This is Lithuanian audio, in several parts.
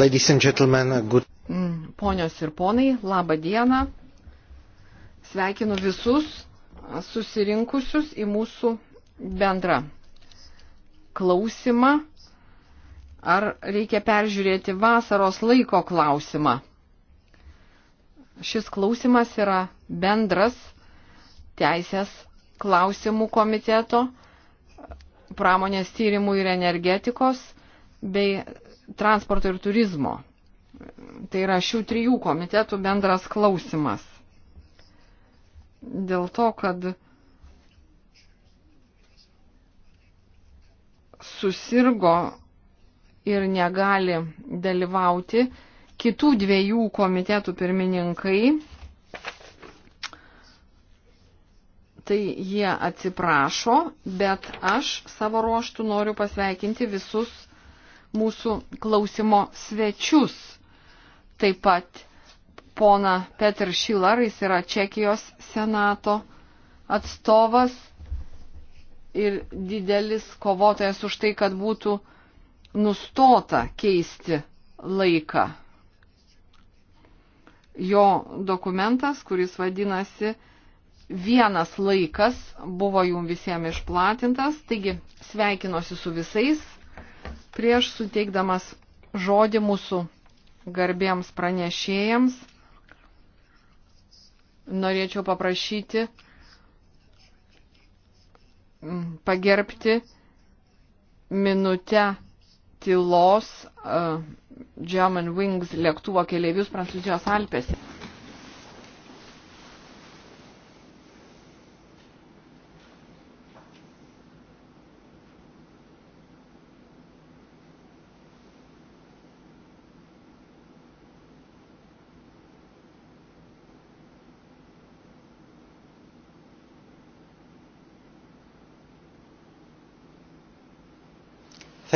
Ladies and gentlemen, good. Mm, ponios ir ponai, laba diena. Sveikinu visus susirinkusius į mūsų bendrą klausimą. Ar reikia peržiūrėti vasaros laiko klausimą? Šis klausimas yra bendras teisės klausimų komiteto, pramonės tyrimų ir energetikos bei transporto ir turizmo. Tai yra šių trijų komitetų bendras klausimas. Dėl to, kad susirgo ir negali dalyvauti kitų dviejų komitetų pirmininkai, tai jie atsiprašo, bet aš savo ruoštų noriu pasveikinti visus mūsų klausimo svečius. Taip pat pona Petr Šilarais yra Čekijos senato atstovas ir didelis kovotojas už tai, kad būtų nustota keisti laiką. Jo dokumentas, kuris vadinasi Vienas laikas, buvo jums visiems išplatintas, taigi sveikinuosi su visais. Prieš suteikdamas žodį mūsų garbėms pranešėjams, norėčiau paprašyti pagerbti minutę tylos uh, German Wings lėktuvo keleivius Prancūzijos Alpėse.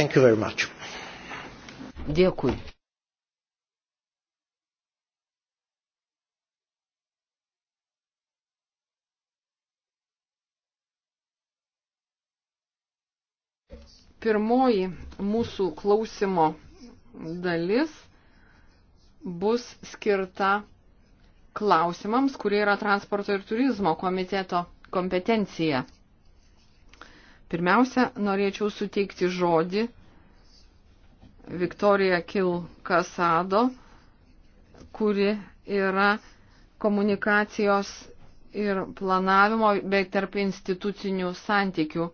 Thank you very much. Dėkui. Pirmoji mūsų klausimo dalis bus skirta klausimams, kurie yra transporto ir turizmo komiteto kompetencija. Pirmiausia, norėčiau suteikti žodį Viktorija Kil Kasado, kuri yra komunikacijos ir planavimo bei tarp institucinių santykių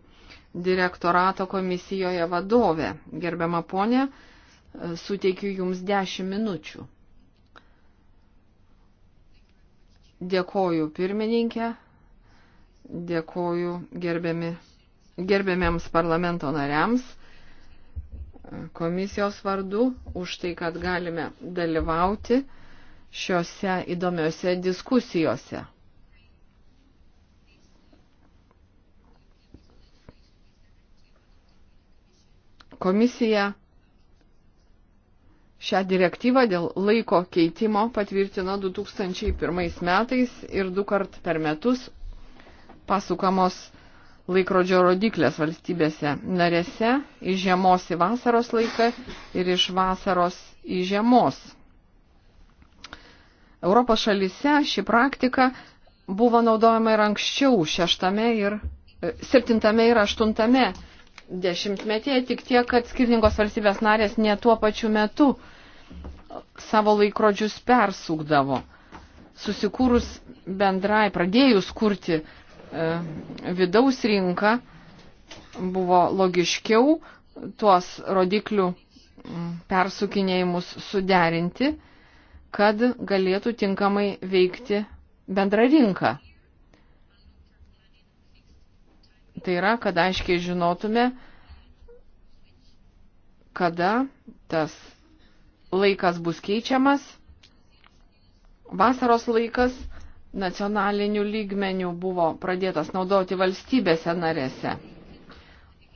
direktorato komisijoje vadovė. Gerbiama ponė, suteikiu Jums 10 minučių. Dėkoju pirmininkė, dėkoju gerbiami gerbėmiems parlamento nariams komisijos vardu už tai, kad galime dalyvauti šiuose įdomiuose diskusijose. Komisija šią direktyvą dėl laiko keitimo patvirtino 2001 metais ir du kart per metus pasukamos laikrodžio rodiklės valstybėse narėse iš žiemos į vasaros laiką ir iš vasaros į žiemos. Europos šalise ši praktika buvo naudojama ir anksčiau, šeštame ir e, septintame ir aštuntame dešimtmetyje, tik tiek, kad skirtingos valstybės narės ne tuo pačiu metu savo laikrodžius persukdavo. Susikūrus bendrai, pradėjus kurti E, vidaus rinką, buvo logiškiau tuos rodiklių persukinėjimus suderinti, kad galėtų tinkamai veikti bendra rinka. Tai yra, kad aiškiai žinotume, kada tas laikas bus keičiamas, vasaros laikas, nacionaliniu lygmeniu buvo pradėtas naudoti valstybėse narėse,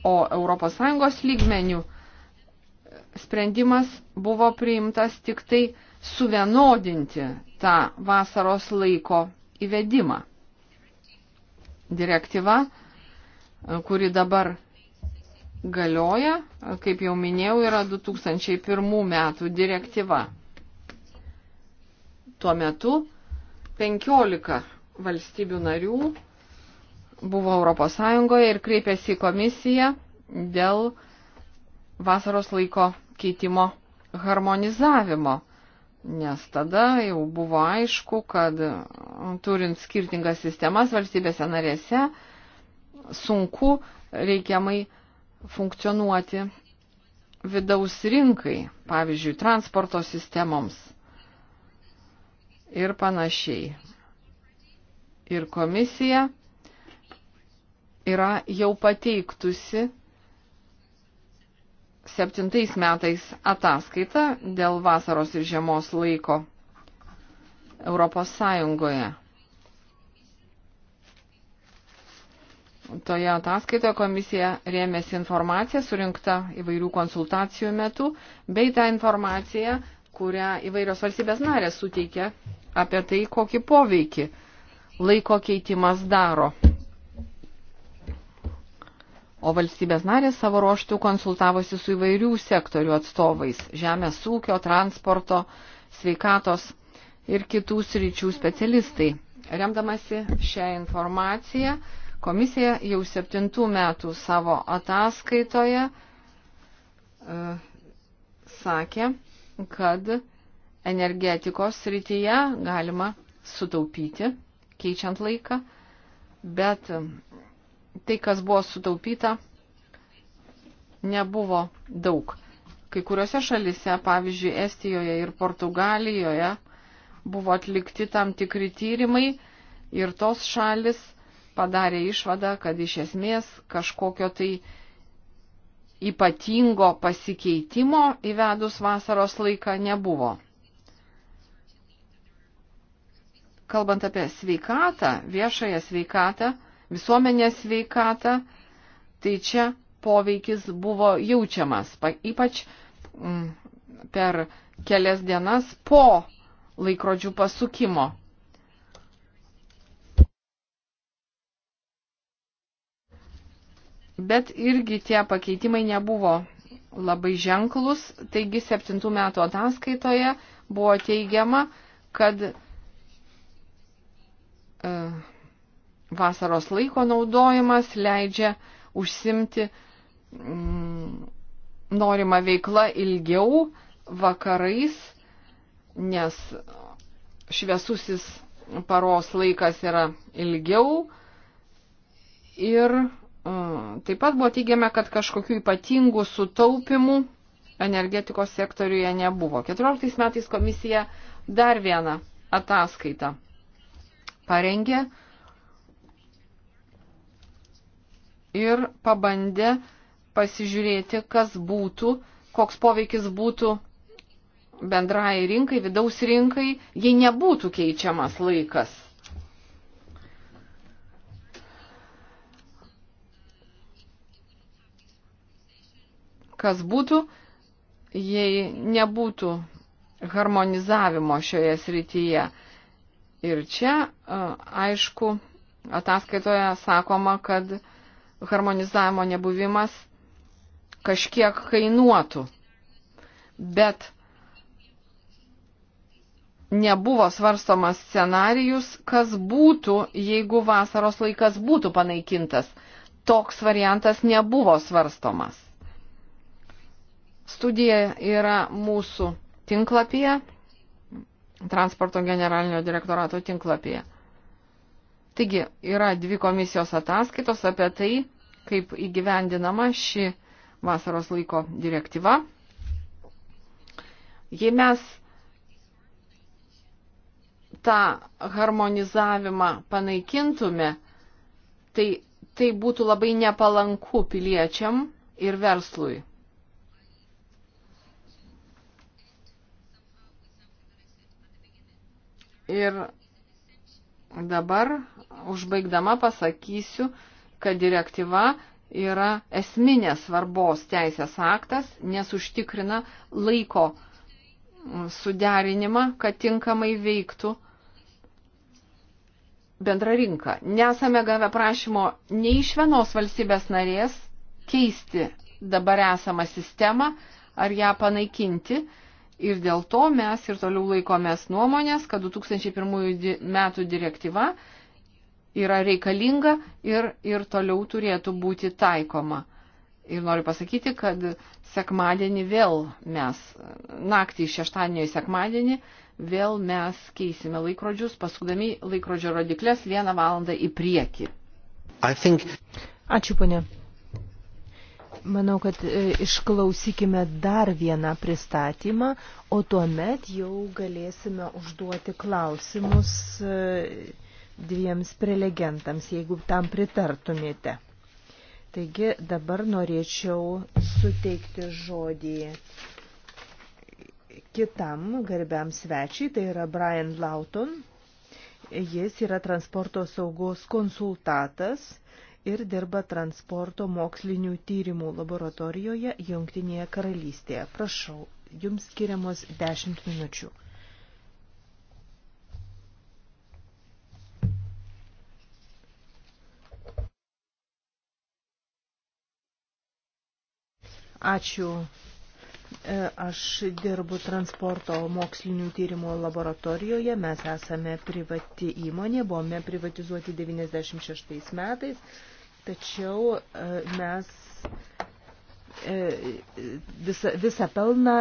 o ES lygmeniu sprendimas buvo priimtas tik tai suvienodinti tą vasaros laiko įvedimą. Direktyva, kuri dabar galioja, kaip jau minėjau, yra 2001 metų direktyva. Tuo metu 15 valstybių narių buvo ES ir kreipėsi į komisiją dėl vasaros laiko keitimo harmonizavimo, nes tada jau buvo aišku, kad turint skirtingas sistemas valstybėse narėse, sunku reikiamai funkcionuoti vidaus rinkai, pavyzdžiui, transporto sistemoms ir panašiai. Ir komisija yra jau pateiktusi septintais metais ataskaitą dėl vasaros ir žiemos laiko Europos Sąjungoje. Toje ataskaitoje komisija rėmėsi informacija surinkta įvairių konsultacijų metu, bei tą informaciją kurią įvairios valstybės narės suteikia apie tai, kokį poveikį laiko keitimas daro. O valstybės narės savo ruoštų konsultavosi su įvairių sektorių atstovais - žemės ūkio, transporto, sveikatos ir kitų sričių specialistai. Remdamasi šią informaciją, komisija jau septintų metų savo ataskaitoje e, sakė, kad energetikos srityje galima sutaupyti, keičiant laiką, bet tai, kas buvo sutaupyta, nebuvo daug. Kai kuriuose šalise, pavyzdžiui, Estijoje ir Portugalijoje, buvo atlikti tam tikri tyrimai ir tos šalis padarė išvadą, kad iš esmės kažkokio tai ypatingo pasikeitimo įvedus vasaros laiką nebuvo. Kalbant apie sveikatą, viešąją sveikatą, visuomenės sveikatą, tai čia poveikis buvo jaučiamas, ypač mm, per kelias dienas po laikrodžių pasukimo. bet irgi tie pakeitimai nebuvo labai ženklus, taigi septintų metų ataskaitoje buvo teigiama, kad e, vasaros laiko naudojimas leidžia užsimti mm, norima veikla ilgiau vakarais, nes šviesusis paros laikas yra ilgiau ir Taip pat buvo teigiama, kad kažkokių ypatingų sutaupimų energetikos sektoriuje nebuvo. 14 metais komisija dar vieną ataskaitą parengė ir pabandė pasižiūrėti, kas būtų, koks poveikis būtų bendrai rinkai, vidaus rinkai, jei nebūtų keičiamas laikas. kas būtų, jei nebūtų harmonizavimo šioje srityje. Ir čia, aišku, ataskaitoje sakoma, kad harmonizavimo nebuvimas kažkiek kainuotų. Bet nebuvo svarstomas scenarijus, kas būtų, jeigu vasaros laikas būtų panaikintas. Toks variantas nebuvo svarstomas. Studija yra mūsų tinklapyje, transporto generalinio direktorato tinklapyje. Taigi, yra dvi komisijos ataskaitos apie tai, kaip įgyvendinama ši vasaros laiko direktyva. Jei mes tą harmonizavimą panaikintume, tai tai būtų labai nepalanku piliečiam ir verslui. Ir dabar užbaigdama pasakysiu, kad direktyva yra esminės svarbos teisės aktas, nes užtikrina laiko suderinimą, kad tinkamai veiktų bendra rinka. Nesame gavę prašymo nei iš vienos valstybės narės keisti dabar esamą sistemą ar ją panaikinti. Ir dėl to mes ir toliau laikomės nuomonės, kad 2001 metų direktyva yra reikalinga ir, ir toliau turėtų būti taikoma. Ir noriu pasakyti, kad sekmadienį vėl mes, naktį iš šeštadienio į sekmadienį, vėl mes keisime laikrodžius, pasukdami laikrodžio rodiklės vieną valandą į priekį. Think... Ačiū, ponė. Manau, kad e, išklausykime dar vieną pristatymą, o tuomet jau galėsime užduoti klausimus e, dviems prelegentams, jeigu tam pritartumėte. Taigi dabar norėčiau suteikti žodį kitam garbiam svečiui, tai yra Brian Lauton. Jis yra transporto saugos konsultatas ir dirba transporto mokslinių tyrimų laboratorijoje Jungtinėje karalystėje. Prašau, jums skiriamos 10 minučių. Ačiū. E, aš dirbu transporto mokslinių tyrimų laboratorijoje. Mes esame privati įmonė, buvome privatizuoti 96 metais. Tačiau e, mes e, visą, visą pelną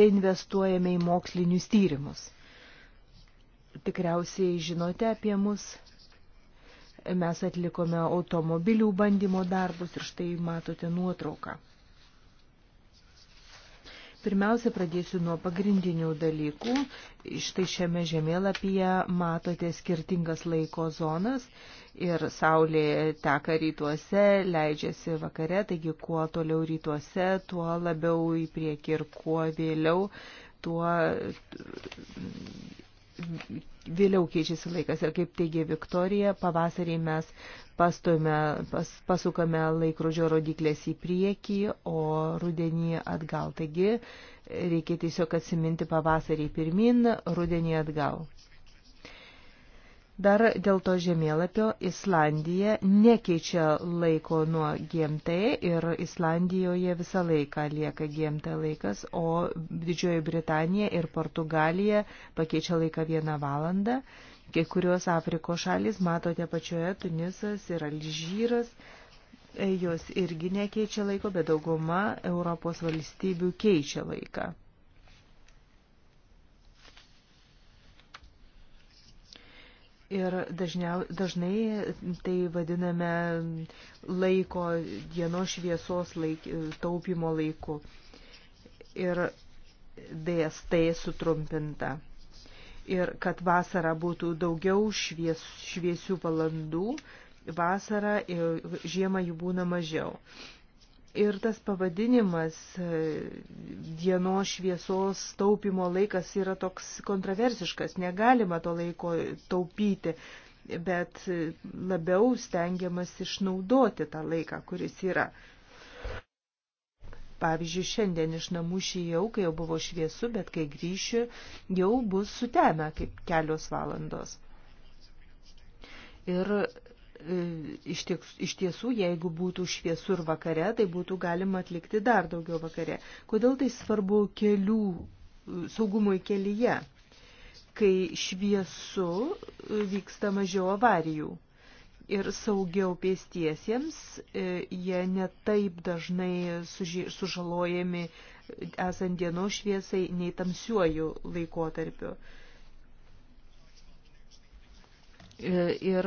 reinvestuojame į mokslinius tyrimus. Tikriausiai žinote apie mus. Mes atlikome automobilių bandymo darbus ir štai matote nuotrauką. Pirmiausia, pradėsiu nuo pagrindinių dalykų. Štai šiame žemėlapyje matote skirtingas laiko zonas ir saulė teka rytuose, leidžiasi vakare, taigi kuo toliau rytuose, tuo labiau į priekį ir kuo vėliau, tuo vėliau keičiasi laikas. Ir kaip teigia Viktorija, pavasarį mes pastume, pas, pasukame laikrodžio rodiklės į priekį, o rudenį atgal. Taigi reikia tiesiog atsiminti pavasarį pirmin, rudenį atgal. Dar dėl to žemėlapio Islandija nekeičia laiko nuo GMT ir Islandijoje visą laiką lieka GMT laikas, o Didžioji Britanija ir Portugalija pakeičia laiką vieną valandą. Kai kurios Afrikos šalis, matote pačioje, Tunisas ir Alžyras, e, jos irgi nekeičia laiko, bet dauguma Europos valstybių keičia laiką. Ir dažniau, dažnai tai vadiname laiko, dienos šviesos laik, taupimo laiku. Ir DST sutrumpinta. Ir kad vasara būtų daugiau švies, šviesių valandų, vasara ir žiemą jų būna mažiau. Ir tas pavadinimas e, dienos šviesos taupimo laikas yra toks kontroversiškas, negalima to laiko taupyti, bet e, labiau stengiamas išnaudoti tą laiką, kuris yra. Pavyzdžiui, šiandien iš namų šijau, kai jau buvo šviesu, bet kai grįšiu, jau bus sutemę kaip kelios valandos. Ir E, iš, tieks, iš tiesų, jeigu būtų šviesų ir vakare, tai būtų galima atlikti dar daugiau vakare. Kodėl tai svarbu kelių e, saugumui kelyje, kai šviesu e, vyksta mažiau avarijų ir saugiau pėstiesiems, jie netaip dažnai sužalojami esant dienos šviesai nei tamsiuoju laikotarpiu. E, ir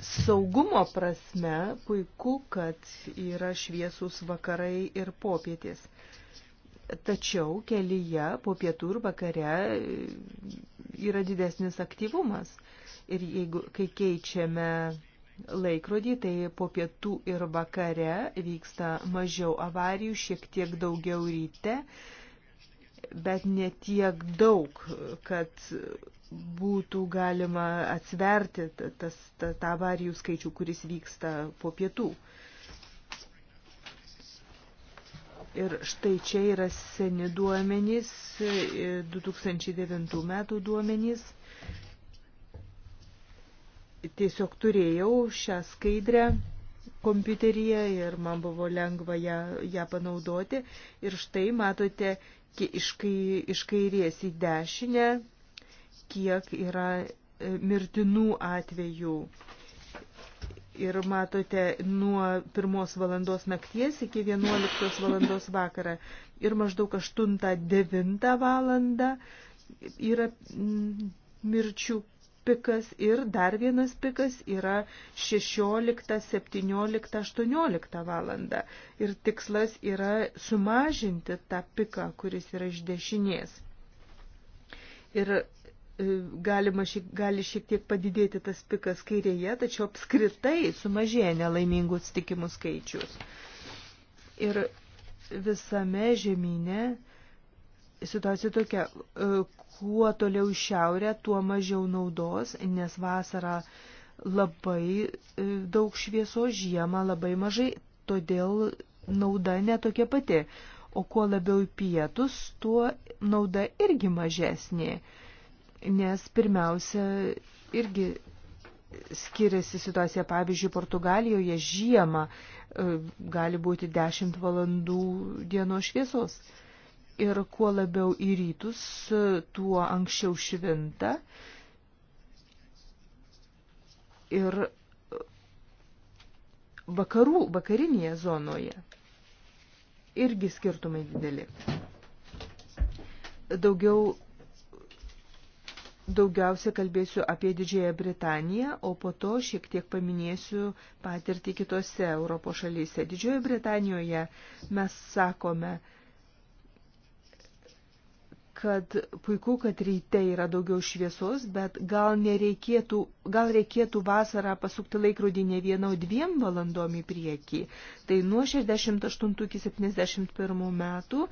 saugumo prasme puiku, kad yra šviesūs vakarai ir popietės. Tačiau kelyje po pietų ir vakare e, yra didesnis aktyvumas. Ir jeigu, kai keičiame laikrodį, tai po pietų ir vakare vyksta mažiau avarijų, šiek tiek daugiau ryte. E, bet netiek daug, kad būtų galima atsverti tas, tą avarijų skaičių, kuris vyksta po pietų. Ir štai čia yra seni duomenys, 2009 metų duomenys. Tiesiog turėjau šią skaidrę kompiuteryje ir man buvo lengva ją, ją panaudoti. Ir štai matote iš, kai, iš kairės į dešinę, kiek yra e, mirtinų atvejų. Ir matote nuo 1 valandos nakties iki 11 valandos vakarą ir maždaug 8-9 valandą yra mirčių pikas ir dar vienas pikas yra 16, 17, 18 valanda. Ir tikslas yra sumažinti tą piką, kuris yra iš dešinės. Ir e, galima, šiek, gali šiek tiek padidėti tas pikas kairėje, tačiau apskritai sumažėja nelaimingų atsitikimų skaičius. Ir visame žemynė situacija tokia, e, kuo toliau šiaurė, tuo mažiau naudos, nes vasarą labai e, daug švieso, žiemą labai mažai, todėl nauda netokia pati. O kuo labiau į pietus, tuo nauda irgi mažesnė, nes pirmiausia irgi skiriasi situacija, pavyzdžiui, Portugalijoje žiemą e, gali būti 10 valandų dienos šviesos ir kuo labiau į rytus, tuo anksčiau švinta. Ir vakarų, vakarinėje zonoje irgi skirtumai dideli. Daugiau, daugiausia kalbėsiu apie Didžiąją Britaniją, o po to šiek tiek paminėsiu patirtį kitose Europos šalyse. Didžioje Britanijoje mes sakome, uh, kad puiku, kad ryte yra daugiau šviesos, bet gal, nereikėtų, gal reikėtų vasarą pasukti laikrodį ne vieną, o dviem valandom į priekį. Tai nuo 68 iki 71 metų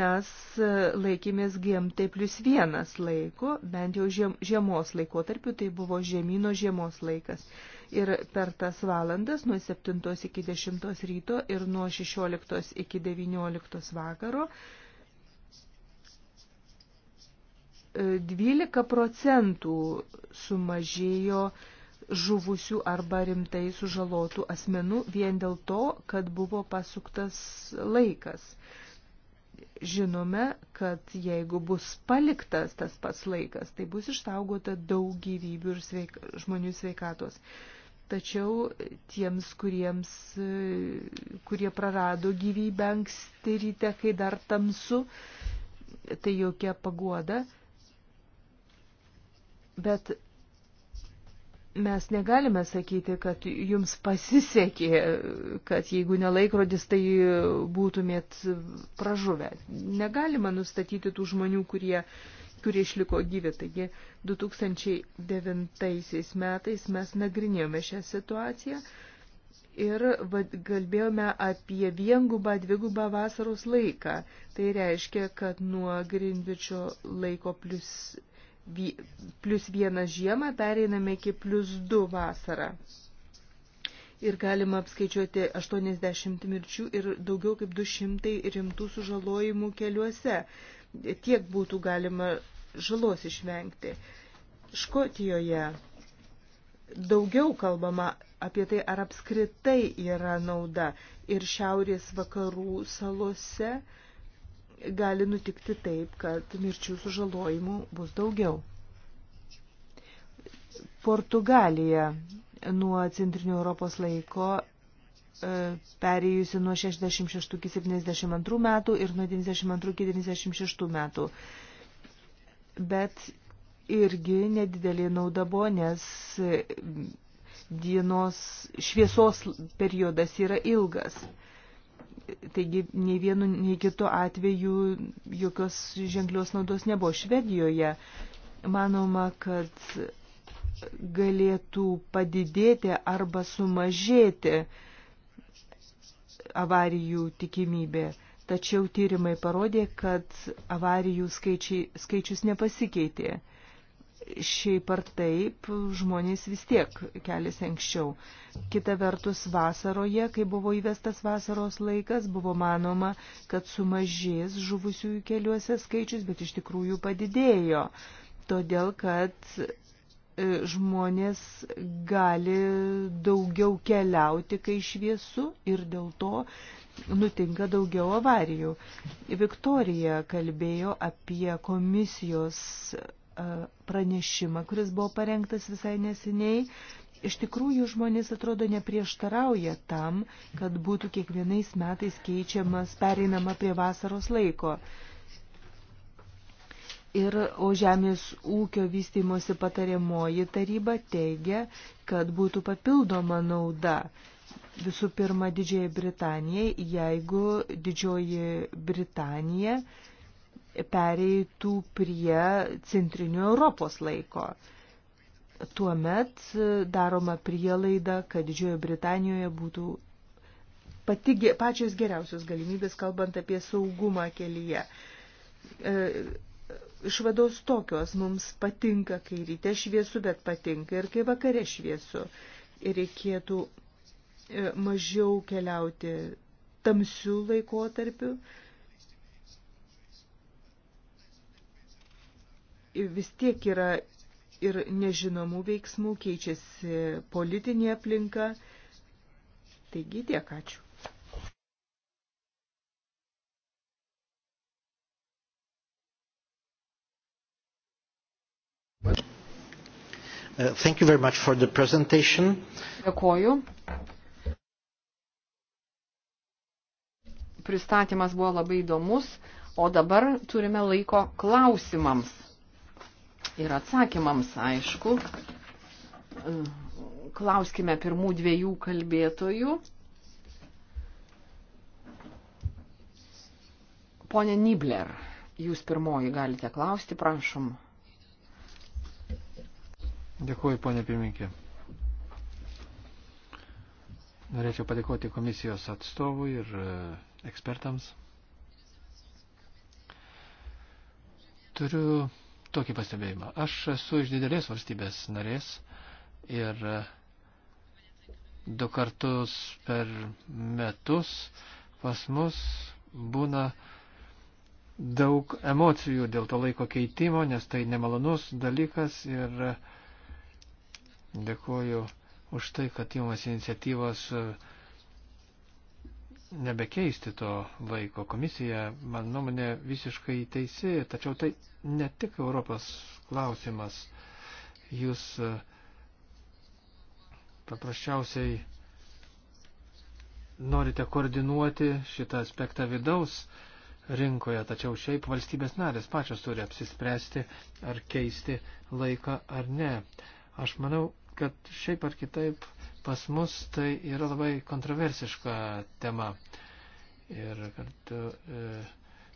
mes e, laikėmės GMT plus vienas laiko, bent jau žiem, žiemos laikotarpiu, tai buvo žemino žiemos laikas. Ir per tas valandas nuo 7 iki 10 ryto ir nuo 16 iki 19 vakaro 12 procentų sumažėjo žuvusių arba rimtai sužalotų asmenų vien dėl to, kad buvo pasuktas laikas. Žinome, kad jeigu bus paliktas tas pats laikas, tai bus išsaugota daug gyvybių ir sveik, žmonių sveikatos. Tačiau tiems, kuriems, kurie prarado gyvybę anksti ryte, kai dar tamsu, tai jokia paguoda Bet mes negalime sakyti, kad jums pasisekė, kad jeigu nelaikrodis, tai būtumėt pražuvę. Negalima nustatyti tų žmonių, kurie, kurie išliko gyvi. Taigi 2009 metais mes nagrinėjome šią situaciją ir kalbėjome apie viengubą, dvigubą vasaros laiką. Tai reiškia, kad nuo Grinvičio laiko plus plus vieną žiemą, pereiname iki plus du vasarą. Ir galima apskaičiuoti 80 mirčių ir daugiau kaip 200 rimtų sužalojimų keliuose. Tiek būtų galima žalos išvengti. Škotijoje daugiau kalbama apie tai, ar apskritai yra nauda ir šiaurės vakarų salose gali nutikti taip, kad mirčių sužalojimų bus daugiau. Portugalija nuo centrinio Europos laiko e, perėjusi nuo 66 iki 72 metų ir nuo 92 iki 96 metų. Bet irgi nedidelė nauda buvo, nes dienos šviesos periodas yra ilgas. Taigi, nei vienu, nei kitu atveju jokios ženklios naudos nebuvo. Švedijoje manoma, kad galėtų padidėti arba sumažėti avarijų tikimybė. Tačiau tyrimai parodė, kad avarijų skaičiai, skaičius nepasikeitė šiaip ar taip žmonės vis tiek keliasi anksčiau. Kita vertus, vasaroje, kai buvo įvestas vasaros laikas, buvo manoma, kad sumažės žuvusiųjų keliuose skaičius, bet iš tikrųjų padidėjo. Todėl, kad e, žmonės gali daugiau keliauti, kai šviesu ir dėl to nutinka daugiau avarijų. Viktorija kalbėjo apie komisijos pranešimą, kuris buvo parengtas visai nesiniai. Iš tikrųjų, žmonės atrodo neprieštarauja tam, kad būtų kiekvienais metais keičiamas, pereinama prie vasaros laiko. Ir o Žemės ūkio vystymosi patariamoji taryba teigia, kad būtų papildoma nauda visų pirma Didžiai Britanijai, jeigu Didžioji Britanija uh, pereitų prie centrinių Europos laiko. Tuomet e, daroma prielaida, kad Didžiojo Britanijoje būtų pati, pačios geriausios galimybės, kalbant apie saugumą kelyje. E, išvados tokios mums patinka, kai ryte šviesu, bet patinka ir kai vakare šviesu. Ir reikėtų e, mažiau keliauti tamsių laikotarpių, vis tiek yra ir nežinomų veiksmų, keičiasi politinė aplinka. Taigi tiek ačiū. Uh, thank you very much for the presentation. Dėkoju. Pristatymas buvo labai įdomus, o dabar turime laiko klausimams ir atsakymams, aišku. Klauskime pirmų dviejų kalbėtojų. Pone Nibler, jūs pirmoji galite klausti, prašom. Dėkuoju, ponė pirminkė. Norėčiau padėkoti komisijos atstovui ir e, ekspertams. Turiu tokį pastebėjimą. Aš esu iš didelės valstybės narės ir e, du kartus per metus pas mus būna daug emocijų dėl to laiko keitimo, nes tai nemalonus dalykas ir e, dėkuoju už tai, kad įmas iniciatyvos uh, nebekeisti to laiko. Komisija, man nuomonė, visiškai teisi, tačiau tai ne tik Europos klausimas. Jūs e, paprasčiausiai norite koordinuoti šitą aspektą vidaus rinkoje, tačiau šiaip valstybės narės pačios turi apsispręsti, ar keisti laiką ar ne. Aš manau, kad šiaip ar kitaip pas mus tai yra labai kontroversiška tema. Ir kartu e,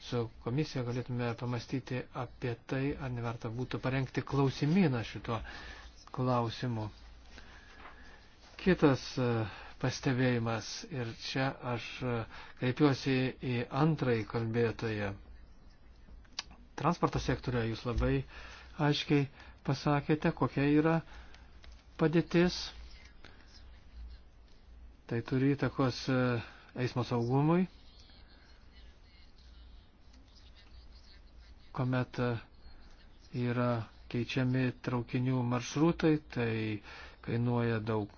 su komisija galėtume pamastyti apie tai, ar neverta būtų parengti klausimyną šituo klausimu. Kitas e, pastebėjimas, ir čia aš e, kreipiuosi į antrąjį kalbėtoją. Transporto sektorioje jūs labai aiškiai pasakėte, kokia yra padėtis Tai turi įtakos e, eismo saugumui, kuomet e, yra keičiami traukinių maršrutai, tai kainuoja daug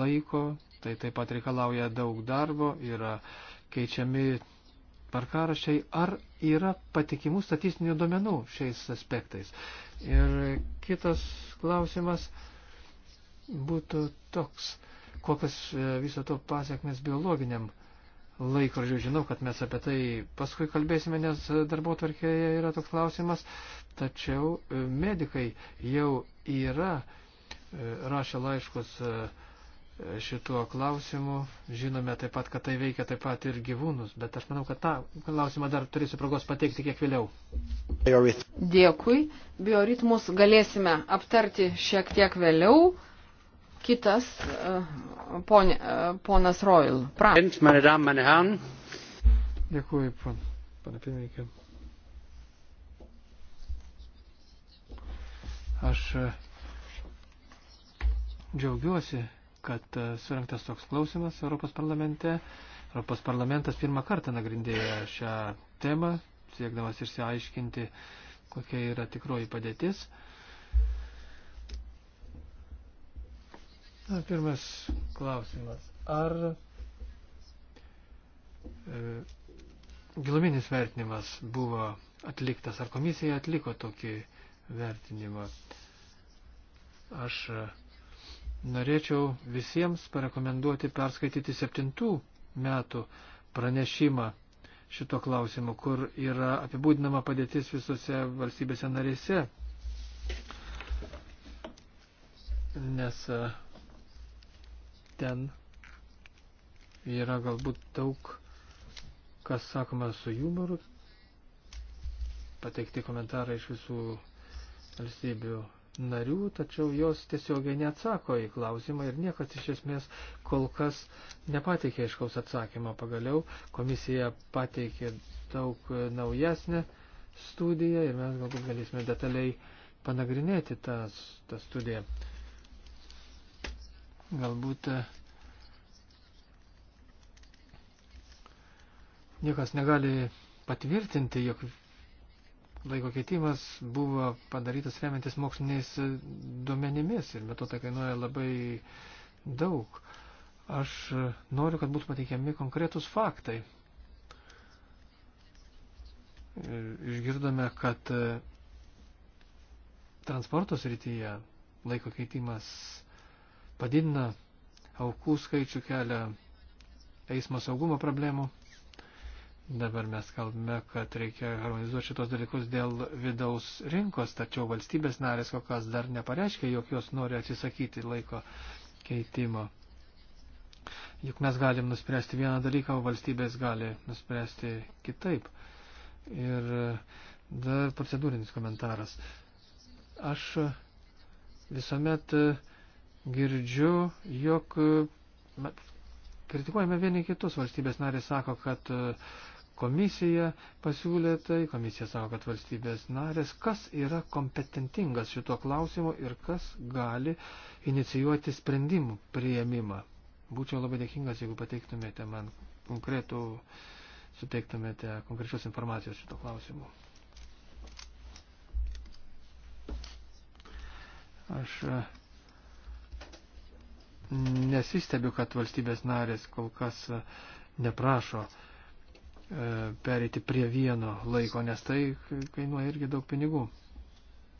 laiko, tai taip pat reikalauja daug darbo, yra keičiami parkarašiai, ar yra patikimų statistinių duomenų šiais aspektais. Ir kitas klausimas būtų toks, kokias e, viso to pasiekmes biologiniam laikrodžiu. Žinau, kad mes apie tai paskui kalbėsime, nes darbo tvarkėje yra toks klausimas. Tačiau e, medikai jau yra e, rašę laiškus šituo klausimu. Žinome taip pat, kad tai veikia taip pat ir gyvūnus, bet aš manau, kad tą klausimą dar turėsiu progos pateikti kiek vėliau. Dėkui. Bioritmus galėsime aptarti šiek tiek vėliau. Kitas e, pon, e, ponas Royal. Prašom. Dėkui, pan, pana pirmininkė. Aš e, džiaugiuosi, kad surinktas toks klausimas Europos parlamente. Europos parlamentas pirmą kartą nagrindėja šią temą, siekdamas išsiaiškinti, kokia yra tikroji padėtis. Uh, Na, pirmas klausimas. Ar e, giluminis vertinimas buvo atliktas, ar komisija atliko tokį vertinimą? Aš e, norėčiau visiems parekomenduoti perskaityti septintų metų pranešimą šito klausimu, kur yra apibūdinama padėtis visose valstybėse narėse. Nes uh, ten yra galbūt daug, kas sakoma su jumoru, pateikti komentarai iš visų valstybių narių, tačiau jos tiesiogiai neatsako į klausimą ir niekas iš esmės kol kas nepateikė iškaus atsakymą. Pagaliau komisija pateikė daug naujesnę studiją ir mes galbūt galėsime detaliai panagrinėti tą, tą studiją. Galbūt e, niekas negali patvirtinti, jog laiko keitimas buvo padarytas remiantis moksliniais e, duomenimis ir metodai kainuoja labai daug. Aš e, noriu, kad būtų pateikiami konkretus faktai. Išgirdome, kad transporto srityje laiko keitimas padidina aukų skaičių, kelia eismo saugumo problemų. Dabar mes kalbame, kad reikia harmonizuoti šitos dalykus dėl vidaus rinkos, tačiau valstybės narės kol kas dar nepareiškia, jog jos nori atsisakyti laiko keitimo. Juk mes galim nuspręsti vieną dalyką, o valstybės gali nuspręsti kitaip. Ir dar procedūrinis komentaras. Aš visuomet uh, girdžiu, jog kritikuojame vieni kitus. Valstybės narės sako, kad e, komisija pasiūlė tai, komisija sako, kad valstybės narės, kas yra kompetentingas šituo klausimu ir kas gali inicijuoti sprendimų prieimimą. Būčiau labai dėkingas, jeigu pateiktumėte man konkretų, suteiktumėte konkrečios informacijos šituo klausimu. Aš e, nesistebiu, kad valstybės narės kol kas e, neprašo e, pereiti prie vieno laiko, nes tai kainuoja irgi daug pinigų.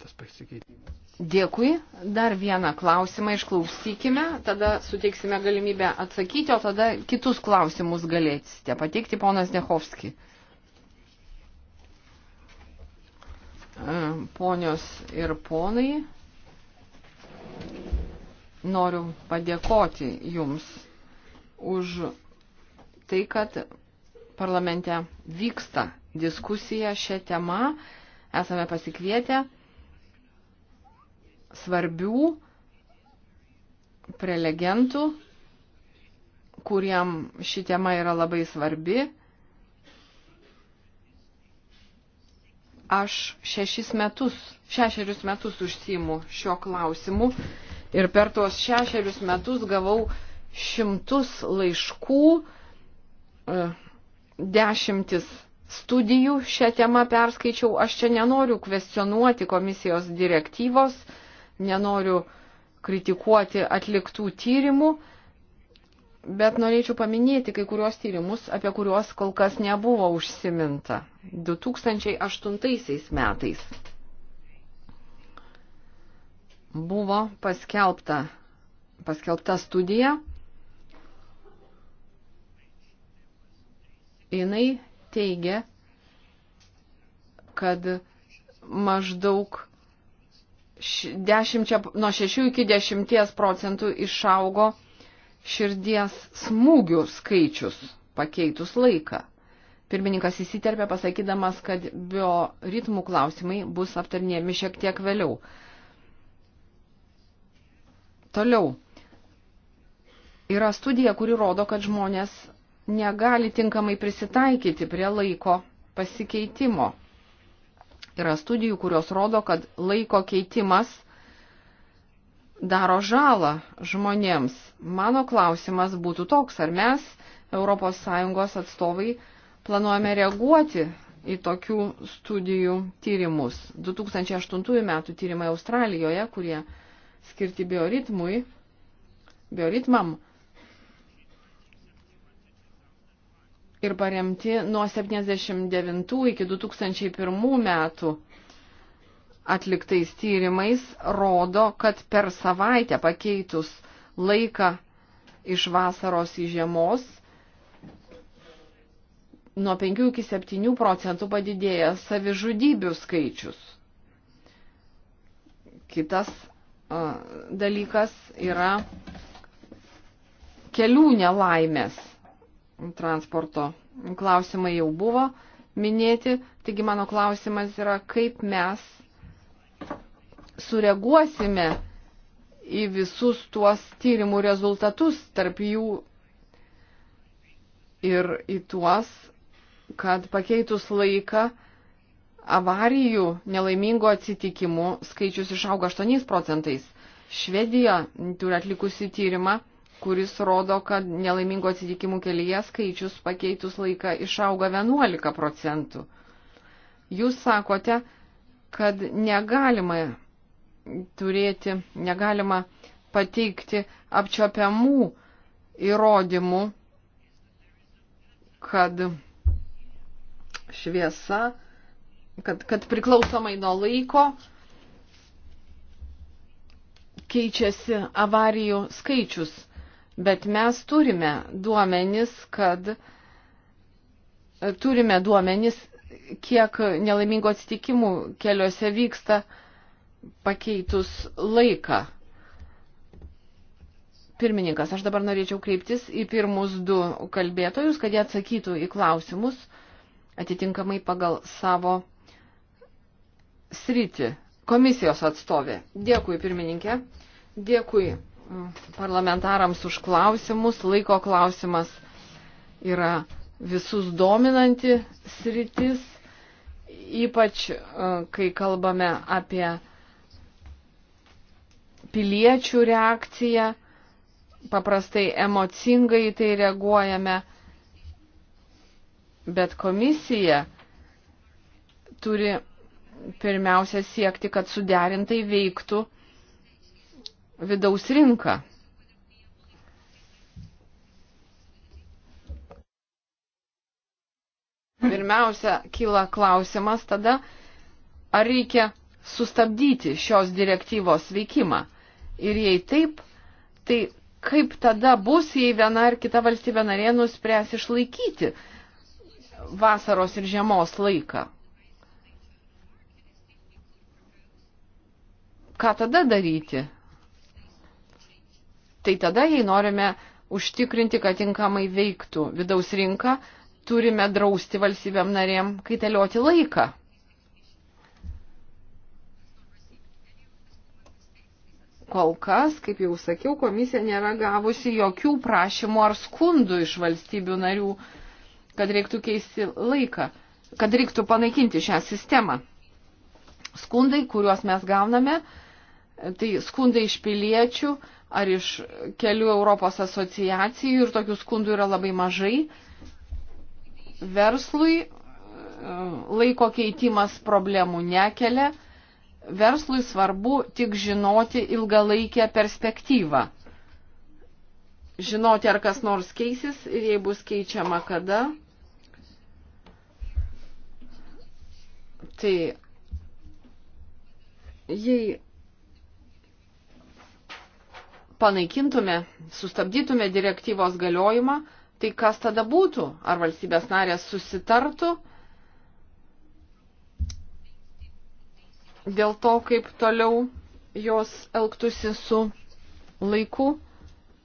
Tas pasikeitimas. Dėkui. Dar vieną klausimą išklausykime, tada suteiksime galimybę atsakyti, o tada kitus klausimus galėsite pateikti ponas Dehovski. E, ponios ir ponai noriu padėkoti Jums už tai, kad parlamente vyksta diskusija šią temą. Esame pasikvietę svarbių prelegentų, kuriam ši tema yra labai svarbi. Aš šešis metus, šešerius metus užsimu šio klausimu Ir per tuos šešerius metus gavau šimtus laiškų, e, dešimtis studijų šią temą perskaičiau. Aš čia nenoriu kvestionuoti komisijos direktyvos, nenoriu kritikuoti atliktų tyrimų, bet norėčiau paminėti kai kurios tyrimus, apie kuriuos kol kas nebuvo užsiminta 2008 metais buvo paskelbta, paskelbta studija. Jinai teigia, kad maždaug dešimčia, nuo 6 iki 10 procentų išaugo širdies smūgių skaičius pakeitus laiką. Pirmininkas įsiterpė pasakydamas, kad bioritmų klausimai bus aptarnėmi šiek tiek vėliau. Toliau. Yra studija, kuri rodo, kad žmonės negali tinkamai prisitaikyti prie laiko pasikeitimo. Yra studijų, kurios rodo, kad laiko keitimas daro žalą žmonėms. Mano klausimas būtų toks, ar mes, ES atstovai, planuojame reaguoti į tokių studijų tyrimus. 2008 metų tyrimai Australijoje, kurie skirti bioritmui, bioritmam ir paremti nuo 79 iki 2001 metų atliktais tyrimais rodo, kad per savaitę pakeitus laiką iš vasaros į žiemos nuo 5 iki 7 procentų padidėja savižudybių skaičius. Kitas dalykas yra kelių nelaimės transporto klausimai jau buvo minėti. Taigi mano klausimas yra, kaip mes sureaguosime į visus tuos tyrimų rezultatus, tarp jų ir į tuos, kad pakeitus laiką Avarijų nelaimingų atsitikimų skaičius išauga 8 procentais. Švedija turi atlikusi tyrimą, kuris rodo, kad nelaimingų atsitikimų kelyje skaičius pakeitus laiką išauga 11 procentų. Jūs sakote, kad negalima turėti, negalima pateikti apčiopiamų įrodymų, kad šviesa kad, kad priklausomai nuo laiko keičiasi avarijų skaičius, bet mes turime duomenis, kad turime duomenis, kiek nelaimingų atsitikimų keliuose vyksta pakeitus laiką. Pirmininkas, aš dabar norėčiau kreiptis į pirmus du kalbėtojus, kad jie atsakytų į klausimus atitinkamai pagal savo sritį. Komisijos atstovė. Dėkui, pirmininkė. Dėkui mm, parlamentarams už klausimus. Laiko klausimas yra visus dominanti sritis, ypač e, kai kalbame apie piliečių reakciją. Paprastai emocingai tai reaguojame, bet komisija turi pirmiausia siekti, kad suderintai veiktų vidaus rinka. Pirmiausia, kyla klausimas tada, ar reikia sustabdyti šios direktyvos veikimą. Ir jei taip, tai kaip tada bus, jei viena ar kita valstybė narė nuspręs išlaikyti vasaros ir žiemos laiką? ką tada daryti? Tai tada, jei norime užtikrinti, kad tinkamai veiktų vidaus rinka, turime drausti valstybėm narėm kaitelioti laiką. Kol kas, kaip jau sakiau, komisija nėra gavusi jokių prašymų ar skundų iš valstybių narių, kad reiktų keisti laiką, kad reiktų panaikinti šią sistemą. Skundai, kuriuos mes gauname, uh, Tai skundai iš piliečių ar iš kelių Europos asociacijų ir tokių skundų yra labai mažai. Verslui e, laiko keitimas problemų nekelia. Verslui svarbu tik žinoti ilgalaikę perspektyvą. Žinoti, ar kas nors keisis ir jei bus keičiama kada. Tai jei panaikintume, sustabdytume direktyvos galiojimą, tai kas tada būtų? Ar valstybės narės susitartų dėl to, kaip toliau jos elgtųsi su laiku?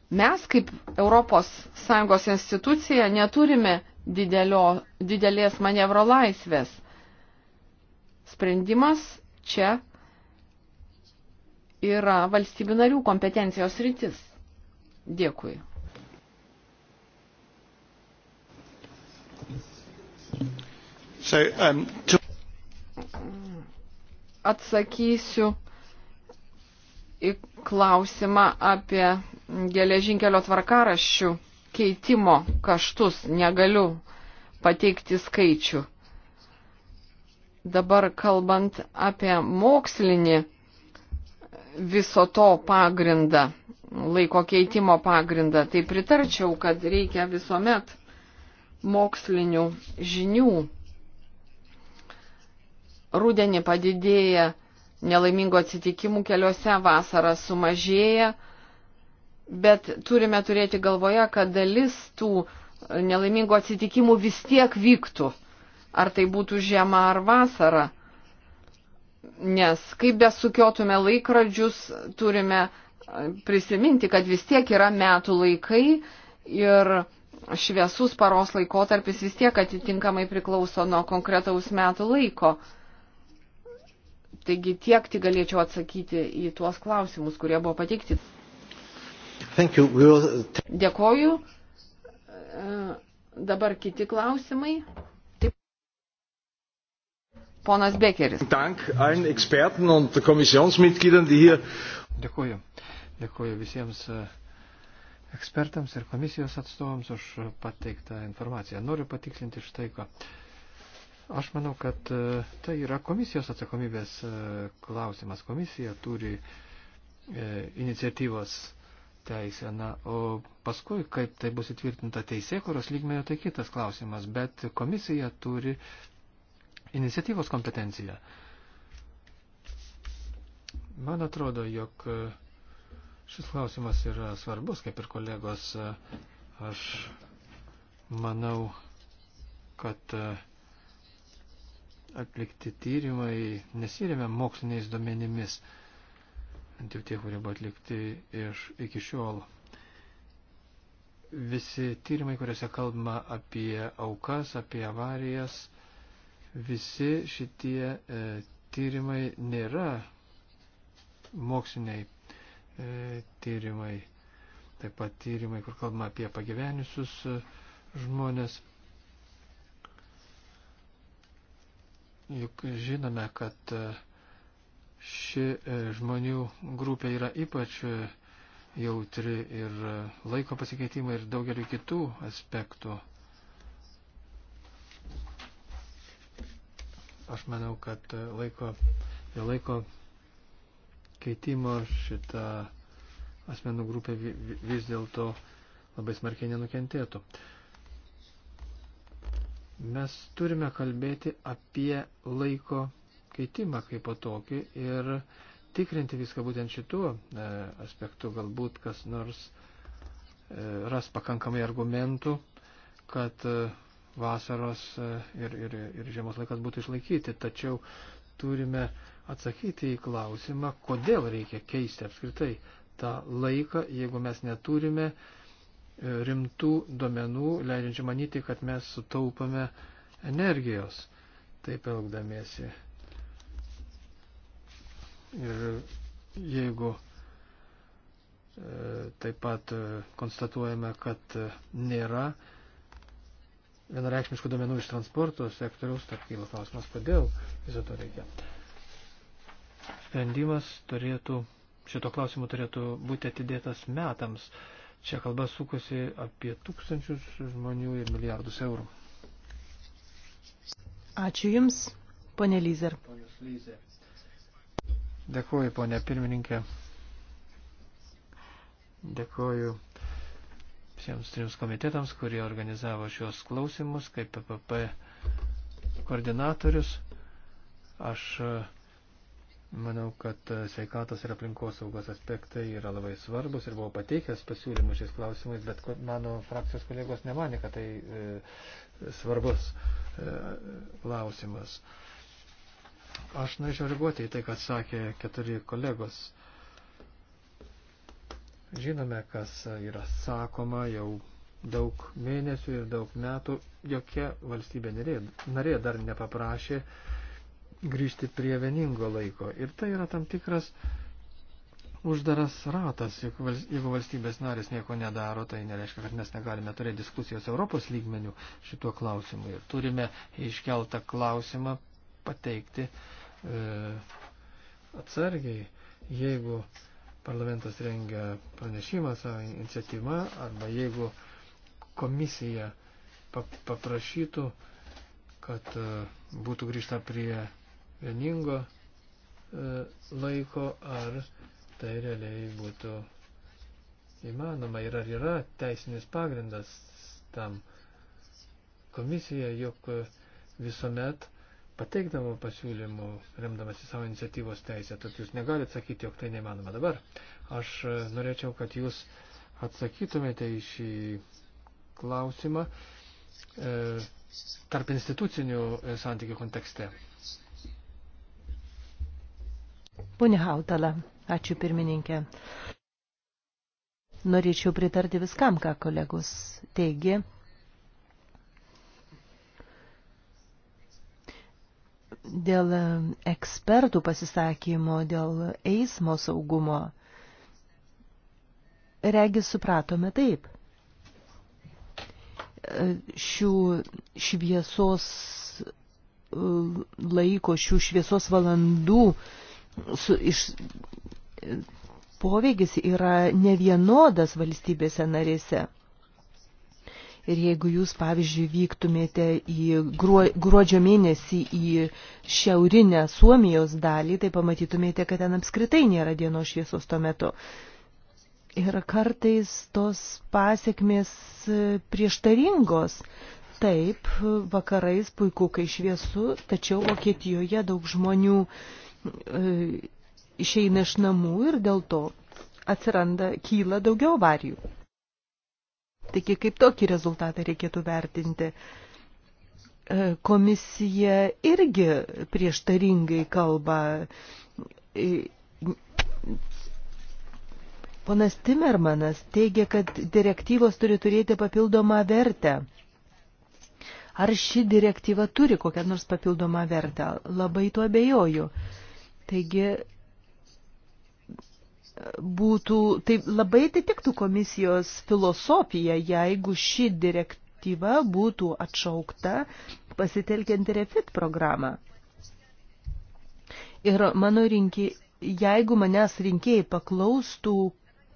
Mes kaip ES institucija neturime didelio, didelės manevro laisvės. Sprendimas čia yra valstybių narių kompetencijos rytis. Dėkui. So, um, to... Atsakysiu į klausimą apie geležinkelio tvarkaraščių keitimo kaštus. Negaliu pateikti skaičių. Dabar kalbant apie mokslinį viso to pagrindą, laiko keitimo pagrindą, tai pritarčiau, kad reikia visuomet mokslinių žinių. Rūdienį padidėja nelaimingo atsitikimų keliuose, vasara sumažėja, bet turime turėti galvoje, kad dalis tų nelaimingo atsitikimų vis tiek vyktų, ar tai būtų žiema ar vasara nes kaip besukiotume laikrodžius, turime e, prisiminti, kad vis tiek yra metų laikai ir šviesus paros laikotarpis vis tiek atitinkamai priklauso nuo konkretaus metų laiko. Taigi tiek tik galėčiau atsakyti į tuos klausimus, kurie buvo pateikti. Will... Dėkoju. E, dabar kiti klausimai. Ponas Bekeris. Dank allen eksperten und komisionsmitgliedern, die hier. Dėkuoju. Dėkuoju visiems e, ekspertams ir komisijos atstovams už pateiktą informaciją. Noriu patikslinti štai ką. Aš manau, kad e, tai yra komisijos atsakomybės e, klausimas. Komisija turi iniciatyvos teisę. Na, o paskui, kaip tai bus įtvirtinta teisė, kurios lygmenio, tai kitas klausimas. Bet komisija turi iniciatyvos kompetencija. Man atrodo, jog e, šis klausimas yra svarbus, kaip ir kolegos. E, aš manau, kad e, atlikti tyrimai nesirėmė moksliniais duomenimis, ant jau tie, kurie buvo atlikti iš iki šiol. Visi tyrimai, kuriuose kalbama apie aukas, apie avarijas, visi šitie e, tyrimai nėra moksliniai e, tyrimai, taip pat tyrimai, kur kalbama apie pagyvenusius e, žmonės. Juk žinome, kad e, ši e, žmonių grupė yra ypač e, jautri ir e, laiko pasikeitimai ir daugeliu kitų aspektų. Aš manau, kad e, laiko, dėl laiko keitimo šita asmenų grupė vis dėlto labai smarkiai nenukentėtų. Mes turime kalbėti apie laiko keitimą kaip po tokį ir tikrinti viską būtent šituo e, aspektu. Galbūt kas nors e, ras pakankamai argumentų, kad e, vasaros e, ir, ir, ir žiemos laikas būtų išlaikyti. Tačiau turime atsakyti į klausimą, kodėl reikia keisti apskritai tą laiką, jeigu mes neturime e, rimtų duomenų, leidžiančių manyti, kad mes sutaupame energijos taip elgdamiesi. Ir jeigu e, taip pat konstatuojame, kad nėra vienareikšmiškų domenų iš transporto sektoriaus, tad kyla klausimas, kodėl viso to reikia. Sprendimas turėtų, šito klausimu turėtų būti atidėtas metams. Čia kalba sukosi apie tūkstančius žmonių ir milijardus eurų. Ačiū Jums, ponė Lyzer. Dėkuoju, ponė pirmininkė. Dėkuoju šiems trims komitetams, kurie organizavo šios klausimus kaip PPP koordinatorius. Aš e, manau, kad e, sveikatos ir aplinkos saugos aspektai yra labai svarbus ir buvau pateikęs pasiūlymų šiais klausimais, bet mano frakcijos kolegos nemanė, kad tai e, svarbus e, klausimas. Aš norėčiau reaguoti į tai, kad sakė keturi kolegos. Žinome, kas yra sakoma jau daug mėnesių ir daug metų, jokia valstybė narė, narė dar nepaprašė grįžti prie vieningo laiko. Ir tai yra tam tikras uždaras ratas, jeigu valstybės narės nieko nedaro, tai nereiškia, kad mes negalime turėti diskusijos Europos lygmenių šituo klausimu. Ir turime iškeltą klausimą pateikti e, atsargiai, jeigu parlamentas rengia pranešimą savo iniciatyvą arba jeigu komisija paprašytų, kad e, būtų grįžta prie vieningo e, laiko, ar tai realiai būtų įmanoma ir ar yra teisinis pagrindas tam. Komisija juk e, visuomet pateikdavo pasiūlymų, remdamasi savo iniciatyvos teisę, tad jūs negalite sakyti, jog tai neįmanoma dabar. Aš e, norėčiau, kad jūs atsakytumėte į šį klausimą e, tarp institucinių e, santykių kontekste. Pone Hautala, ačiū pirmininkė. Norėčiau pritarti viskam, ką kolegos teigė dėl e, ekspertų pasisakymo, dėl eismo saugumo. Regis supratome taip. E, šių šviesos e, laiko, šių šviesos valandų su, iš, poveikis yra nevienodas valstybėse narėse. Ir jeigu jūs, pavyzdžiui, vyktumėte į gruo, gruodžio mėnesį į šiaurinę Suomijos dalį, tai pamatytumėte, kad ten apskritai nėra dienos šviesos tuo metu. Ir kartais tos pasiekmės e, prieštaringos. Taip, vakarais puiku, kai šviesu, tačiau Vokietijoje daug žmonių e, išeina iš namų ir dėl to atsiranda, kyla daugiau avarijų. Taigi kaip tokį rezultatą reikėtų vertinti. E, komisija irgi prieštaringai kalba. E, ponas Timermanas teigia, kad direktyvos turi turėti papildomą vertę. Ar ši direktyva turi kokią nors papildomą vertę? Labai tuo abejoju. Taigi būtų, tai labai atitiktų komisijos filosofiją, jeigu ši direktyva būtų atšaukta pasitelkiant refit programą. Ir mano rinkė, jeigu manęs rinkėjai paklaustų,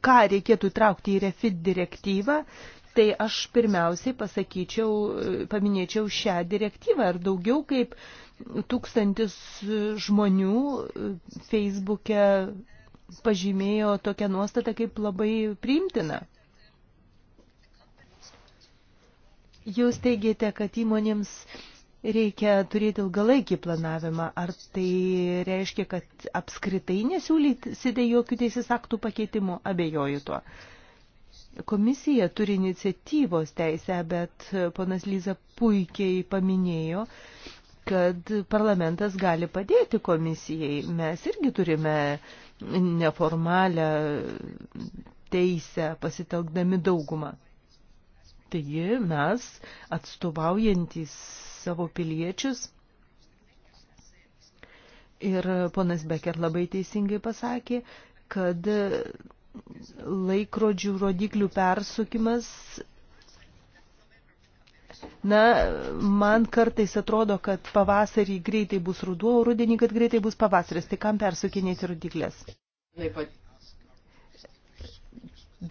ką reikėtų traukti į refit direktyvą, tai aš pirmiausiai pasakyčiau, paminėčiau šią direktyvą ir daugiau kaip tūkstantis žmonių Facebook'e pažymėjo tokią nuostatą kaip labai priimtina. Jūs teigiate, kad įmonėms reikia turėti ilgalaikį planavimą. Ar tai reiškia, kad apskritai nesiūlysite jokių teisės aktų pakeitimų? Abejoju tuo. Komisija turi iniciatyvos teisę, bet ponas Lyza puikiai paminėjo, kad parlamentas gali padėti komisijai. Mes irgi turime uh, neformalią teisę pasitelkdami daugumą. Taigi mes atstovaujantys savo piliečius ir ponas Becker labai teisingai pasakė, kad laikrodžių rodiklių persukimas Na, man kartais atrodo, kad pavasarį greitai bus ruduo, o rudenį, kad greitai bus pavasaris. Tai kam persukinėti rudiklės?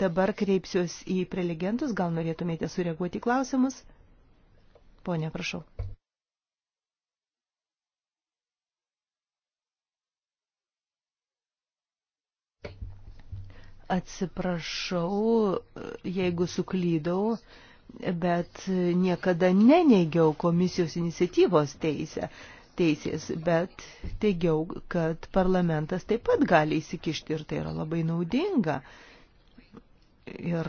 Dabar kreipsiuos į prelegentus, gal norėtumėte sureaguoti klausimus? Pone, prašau. Atsiprašau, jeigu suklydau bet niekada neneigiau komisijos iniciatyvos teisę, teisės, bet teigiau, kad parlamentas taip pat gali įsikišti ir tai yra labai naudinga. Ir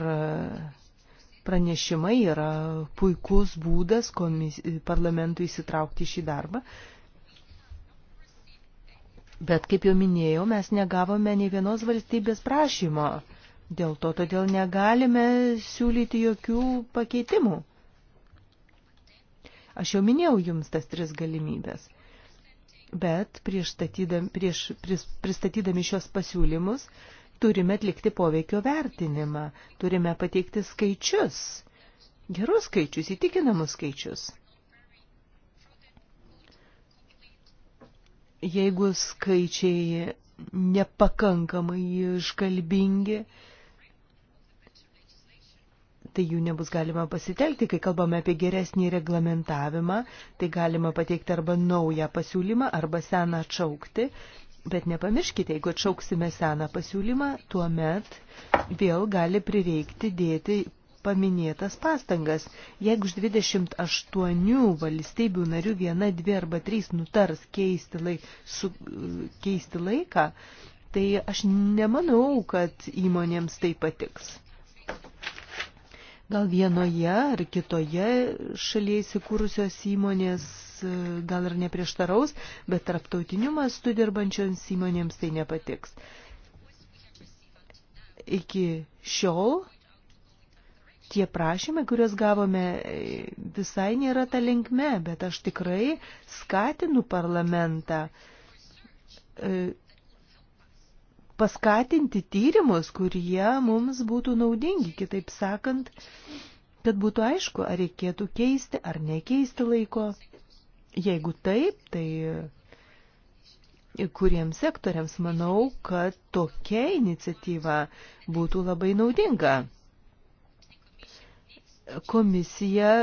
pranešimai yra puikus būdas komis, parlamentui įsitraukti į šį darbą. Bet, kaip jau minėjau, mes negavome nei vienos valstybės prašymo Dėl to todėl negalime siūlyti jokių pakeitimų. Aš jau minėjau jums tas tris galimybės, bet prieš, statydam, prieš pris, pristatydami šios pasiūlymus turime atlikti poveikio vertinimą, turime pateikti skaičius, gerus skaičius, įtikinamus skaičius. Jeigu skaičiai nepakankamai iškalbingi, tai jų nebus galima pasitelkti. Kai kalbame apie geresnį reglamentavimą, tai galima pateikti arba naują pasiūlymą, arba seną atšaukti. Bet nepamirškite, jeigu atšauksime seną pasiūlymą, tuomet vėl gali prireikti dėti paminėtas pastangas. Jeigu už 28 valstybių narių viena, dvi arba trys nutars keisti, laik, su, keisti laiką, tai aš nemanau, kad įmonėms tai patiks. Gal vienoje ar kitoje šalyje įsikūrusios įmonės e, gal ir neprieštaraus, bet tarptautiniu mastu dirbančioms įmonėms tai nepatiks. Iki šiol tie prašymai, kuriuos gavome, e, visai nėra ta linkme, bet aš tikrai skatinu parlamentą e, paskatinti tyrimus, kurie mums būtų naudingi, kitaip sakant, kad būtų aišku, ar reikėtų keisti ar nekeisti laiko. Jeigu taip, tai kuriems sektoriams manau, kad tokia iniciatyva būtų labai naudinga. Komisija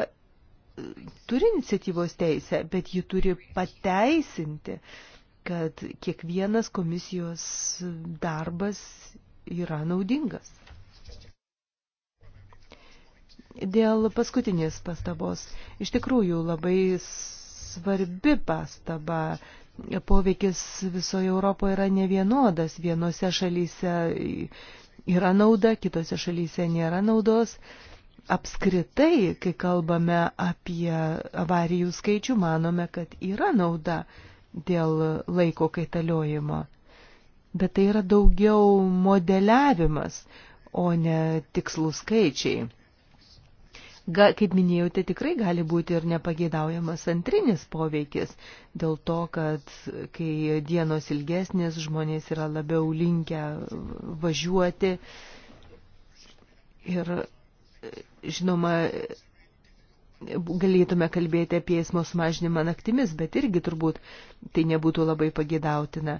turi iniciatyvos teisę, bet ji turi pateisinti uh, kad kiekvienas komisijos darbas yra naudingas. Dėl paskutinės pastabos. Iš tikrųjų labai svarbi pastaba. Poveikis visoje Europoje yra nevienodas. Vienose šalyse yra nauda, kitose šalyse nėra naudos. Apskritai, kai kalbame apie avarijų skaičių, manome, kad yra nauda dėl laiko kaitaliojimo. Bet tai yra daugiau modeliavimas, o ne tikslų skaičiai. Ga, kaip minėjote, tikrai gali būti ir nepageidaujamas antrinis poveikis, dėl to, kad kai dienos ilgesnės, žmonės yra labiau linkę važiuoti. Ir žinoma, galėtume kalbėti apie eismo sumažinimą naktimis, bet irgi turbūt tai nebūtų labai pagėdautina.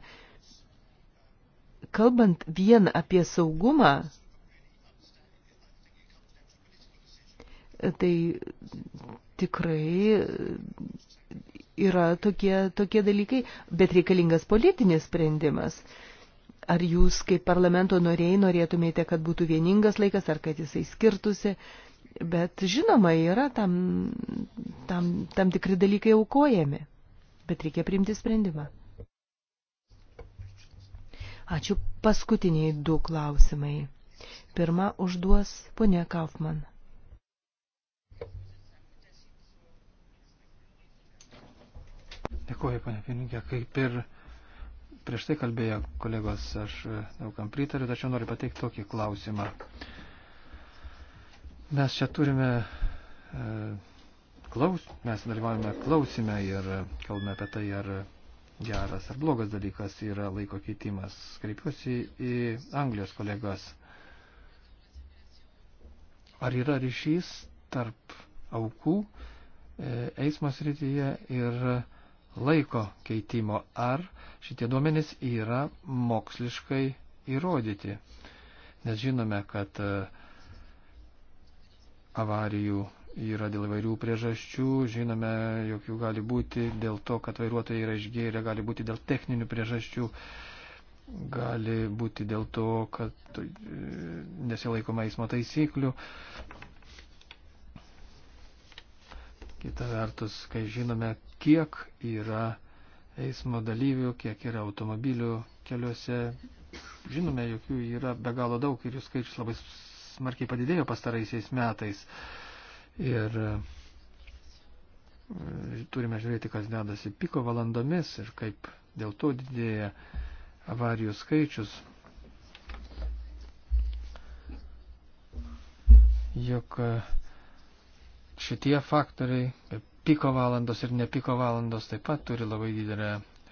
Kalbant vien apie saugumą, tai tikrai yra tokie, tokie dalykai, bet reikalingas politinis sprendimas ar jūs kaip parlamento norėjai norėtumėte, kad būtų vieningas laikas, ar kad jisai skirtusi. Bet žinoma, yra tam, tam, tam tikri dalykai aukojami, bet reikia priimti sprendimą. Ačiū. Paskutiniai du klausimai. Pirma užduos ponė Kaufman. Dėkuoju, ponė Pirinkė. Kaip ir prieš tai kalbėjo kolegos, aš daugam pritariu, tačiau noriu pateikti tokį klausimą. Mes čia turime, e, klaus, mes dalyvaujame klausime ir kalbame apie tai, ar geras ar blogas dalykas yra laiko keitimas. Kreipiuosi į Anglijos kolegas. Ar yra ryšys tarp aukų e, eismo srityje ir laiko keitimo, ar šitie duomenys yra moksliškai įrodyti. Nes žinome, kad uh, avarijų yra dėl vairių priežasčių. Žinome, jog jų gali būti dėl to, kad vairuotojai yra išgėrę, gali būti dėl techninių priežasčių, gali būti dėl to, kad e, nesilaikoma eismo taisyklių. Kita vertus, kai žinome, kiek yra eismo dalyvių, kiek yra automobilių keliuose, žinome, jokių yra be galo daug ir jų skaičius labai smarkiai padidėjo pastaraisiais metais. Ir e, turime žiūrėti, kas dedasi piko valandomis ir kaip dėl to didėja avarijų skaičius. Juk e, šitie faktoriai, piko valandos ir nepiko valandos taip pat turi labai didelę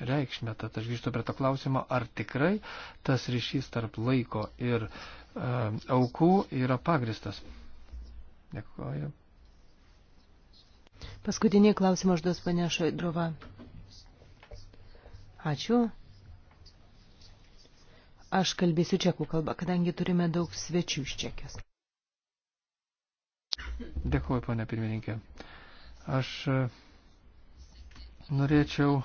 reikšmę. Tad aš grįžtu prie to klausimo, ar tikrai tas ryšys tarp laiko ir Ehm, aukų yra pagristas. Dėkuoju. Paskutinį klausimą užduos paneša Drova. Ačiū. Aš kalbėsiu čekų kalbą, kadangi turime daug svečių iš čekės. Dėkuoju, ponė pirmininkė. Aš ehm, norėčiau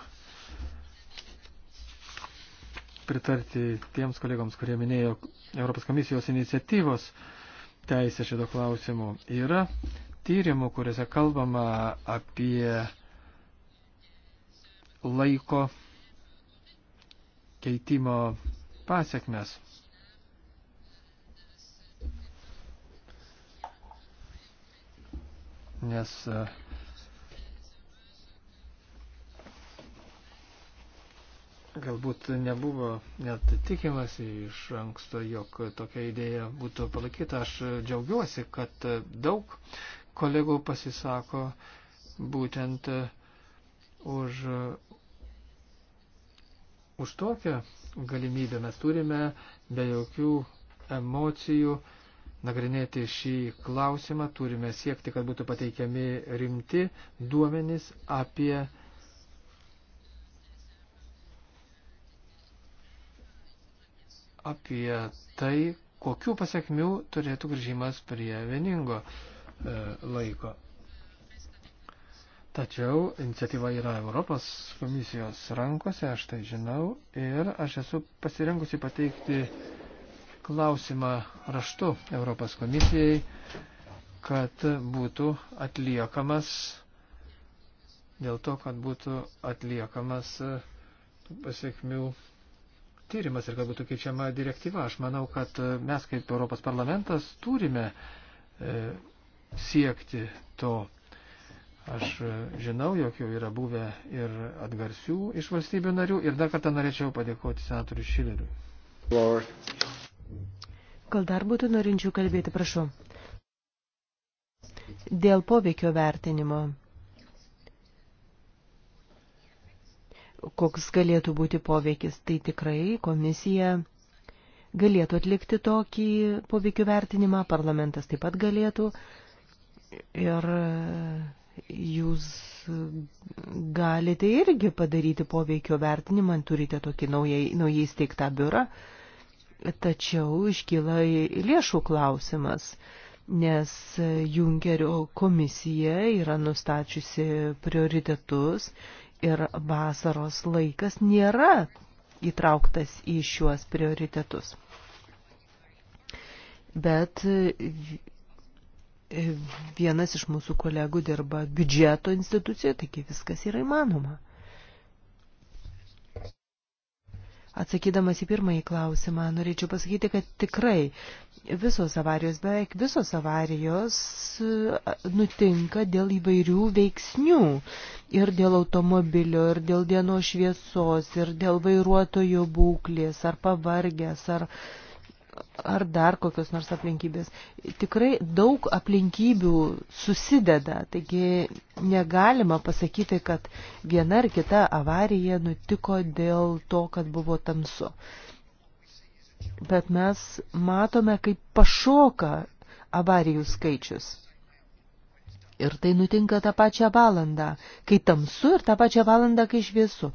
pritarti tiems kolegoms, kurie minėjo Europos komisijos iniciatyvos teisę šito klausimu. Yra tyrimų, kuriuose kalbama apie laiko keitimo pasiekmes. Nes uh, Galbūt nebuvo net tikimasi iš anksto, jog tokia idėja būtų palaikyta. Aš džiaugiuosi, kad daug kolegų pasisako būtent už, už tokią galimybę. Mes turime be jokių emocijų nagrinėti šį klausimą, turime siekti, kad būtų pateikiami rimti duomenys apie apie tai, kokių pasiekmių turėtų grįžimas prie vieningo e, laiko. Tačiau iniciatyva yra Europos komisijos rankose, aš tai žinau, ir aš esu pasirengusi pateikti klausimą raštu Europos komisijai, kad būtų atliekamas, dėl to, kad būtų atliekamas e, pasiekmių tyrimas ir kad būtų keičiama direktyva. Aš manau, kad e, mes kaip Europos parlamentas turime e, siekti to. Aš e, žinau, jog jau yra buvę ir atgarsių iš valstybių narių ir dar kartą norėčiau padėkoti senatoriui Šileriui. Gal dar būtų norinčių kalbėti, prašau. Dėl poveikio vertinimo koks galėtų būti poveikis, tai tikrai komisija galėtų atlikti tokį poveikių vertinimą, parlamentas taip pat galėtų ir jūs galite irgi padaryti poveikio vertinimą, turite tokį naujai, naujai steigtą biurą, tačiau iškyla lėšų klausimas, nes Junkerio komisija yra nustačiusi prioritetus ir vasaros laikas nėra įtrauktas į šiuos prioritetus. Bet vienas iš mūsų kolegų dirba biudžeto institucijoje, taigi viskas yra įmanoma. Atsakydamas į pirmąjį klausimą, norėčiau pasakyti, kad tikrai visos avarijos, beveik visos avarijos e, nutinka dėl įvairių veiksnių. Ir dėl automobilio, ir dėl dienos šviesos, ir dėl vairuotojo būklės, ar pavargęs, ar, ar dar kokios nors aplinkybės. Tikrai daug aplinkybių susideda, taigi negalima pasakyti, kad viena ar kita avarija nutiko dėl to, kad buvo tamsu. Uh, bet mes matome, kaip pašoka avarijų skaičius. Ir tai nutinka tą pačią valandą, kai tamsu ir tą pačią valandą, kai šviesu.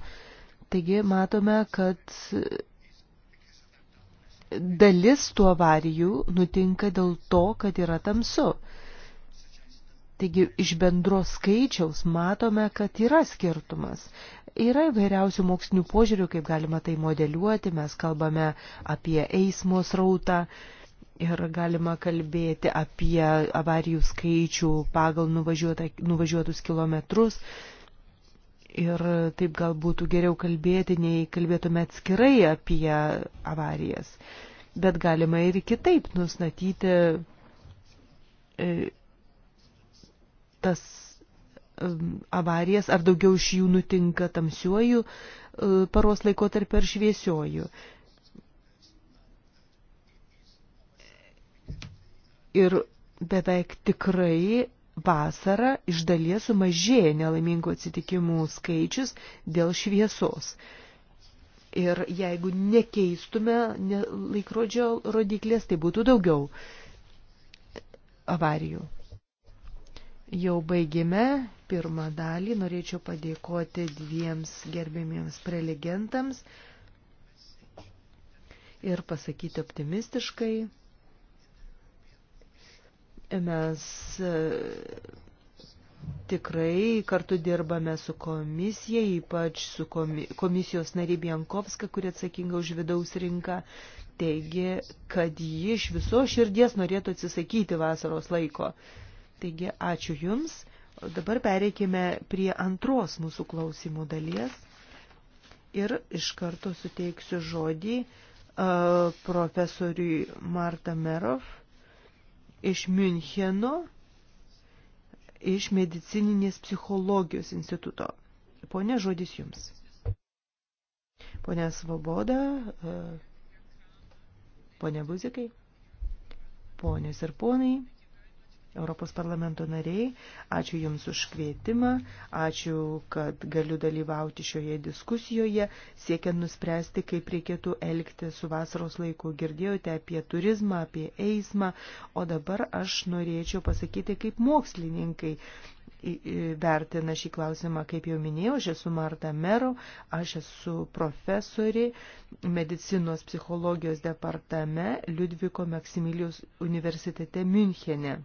Taigi matome, kad dalis tų avarijų nutinka dėl to, kad yra tamsu. Taigi iš bendros skaičiaus matome, kad yra skirtumas. Yra įvairiausių mokslinių požiūrių, kaip galima tai modeliuoti, mes kalbame apie eismo srautą ir galima kalbėti apie avarijų skaičių pagal nuvažiuotus kilometrus. Ir taip gal būtų geriau kalbėti, nei kalbėtume atskirai apie avarijas. Bet galima ir kitaip nustatyti e, tas avarijas, ar daugiau iš jų nutinka tamsiuoju e, paros laikotarpiu ar šviesiuoju. Ir beveik tikrai vasarą iš dalies sumažėja nelaimingų atsitikimų skaičius dėl šviesos. Ir jeigu nekeistume laikrodžio rodiklės, tai būtų daugiau avarijų. Jau baigėme pirmą dalį. Norėčiau padėkoti dviems gerbėmiems prelegentams ir pasakyti optimistiškai. Mes e, tikrai kartu dirbame su komisija, ypač su komisijos nariai Bienkovska, kuri atsakinga už vidaus rinką. Teigi, kad ji iš viso širdies norėtų atsisakyti vasaros laiko. Uh, Taigi, ačiū Jums. Dabar pereikime prie antros mūsų klausimų dalies ir iš karto suteiksiu žodį uh, profesoriui Marta Merov iš Müncheno, iš medicininės psichologijos instituto. Pone, žodis Jums. Pone Svoboda, uh, pone Buzikai, ponės ir ponai. Europos parlamento nariai, ačiū Jums už kvietimą, ačiū, kad galiu dalyvauti šioje diskusijoje, siekiant nuspręsti, kaip reikėtų elgti su vasaros laiku. Girdėjote apie turizmą, apie eismą, o dabar aš norėčiau pasakyti, kaip mokslininkai vertina šį klausimą, kaip jau minėjau, aš esu Marta Mero, aš esu profesorė medicinos psichologijos departame Liudviko Maksimilijos universitete Münchene.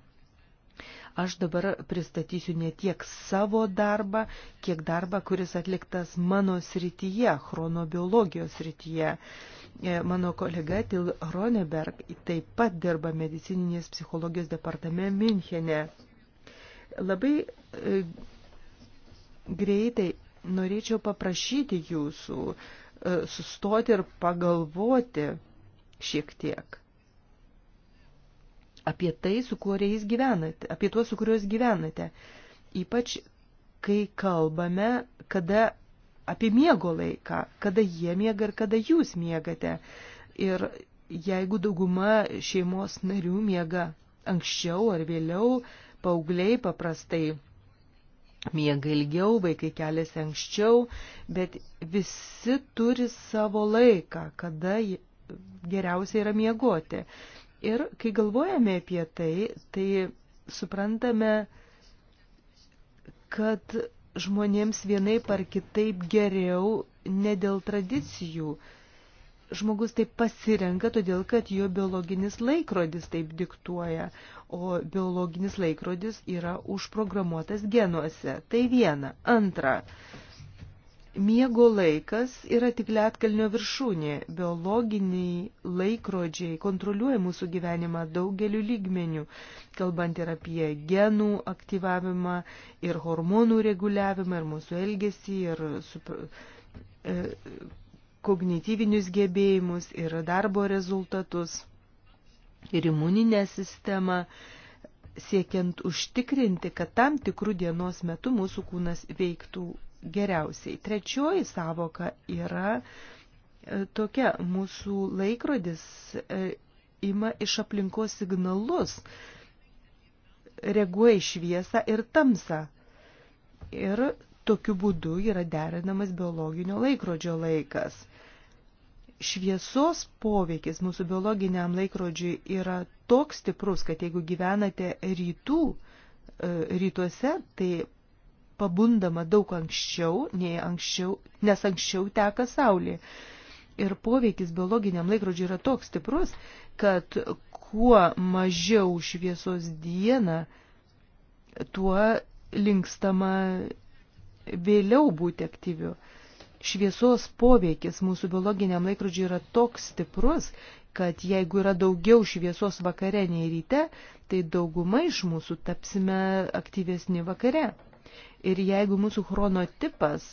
Aš dabar pristatysiu ne tiek savo darbą, kiek darbą, kuris atliktas mano srityje, chronobiologijos srityje. E, mano kolega Til Roneberg taip pat dirba medicininės psichologijos departame Minchene. Labai e, greitai norėčiau paprašyti jūsų e, sustoti ir pagalvoti šiek tiek apie tai, su kuriais gyvenate, apie tuos, su kuriuos gyvenate. Ypač, kai kalbame, kada apie miego laiką, kada jie miega ir kada jūs miegate. Ir jeigu dauguma šeimos narių miega anksčiau ar vėliau, paaugliai paprastai miega ilgiau, vaikai keliasi anksčiau, bet visi turi savo laiką, kada geriausia yra miegoti. Ir kai galvojame apie tai, tai suprantame, kad žmonėms vienaip ar kitaip geriau ne dėl tradicijų. Žmogus taip pasirenka, todėl kad jo biologinis laikrodis taip diktuoja, o biologinis laikrodis yra užprogramuotas genuose. Tai viena. Antra, Miego laikas yra tik lietkalnio viršūnė, biologiniai laikrodžiai kontroliuoja mūsų gyvenimą daugeliu lygmenių, kalbant ir apie genų aktyvavimą, ir hormonų reguliavimą, ir mūsų elgesį, ir supra... e, kognityvinius gebėjimus, ir darbo rezultatus, ir imuninę sistemą siekiant užtikrinti, kad tam tikrų dienos metu mūsų kūnas veiktų geriausiai. Trečioji savoka yra e, tokia, mūsų laikrodis e, ima iš aplinkos signalus, reaguoja į šviesą ir tamsą. Ir tokiu būdu yra derinamas biologinio laikrodžio laikas. Šviesos poveikis mūsų biologiniam laikrodžiui yra toks stiprus, kad jeigu gyvenate rytų, e, rytuose, tai pabundama daug anksčiau, nei anksčiau, nes anksčiau teka saulė. Ir poveikis biologiniam laikrodžiui yra toks stiprus, kad kuo mažiau šviesos dieną, tuo linkstama vėliau būti aktyviu. Šviesos poveikis mūsų biologiniam laikrodžiui yra toks stiprus, kad jeigu yra daugiau šviesos vakare nei ryte, tai dauguma iš mūsų tapsime aktyvesni vakare. Ir jeigu mūsų chronotipas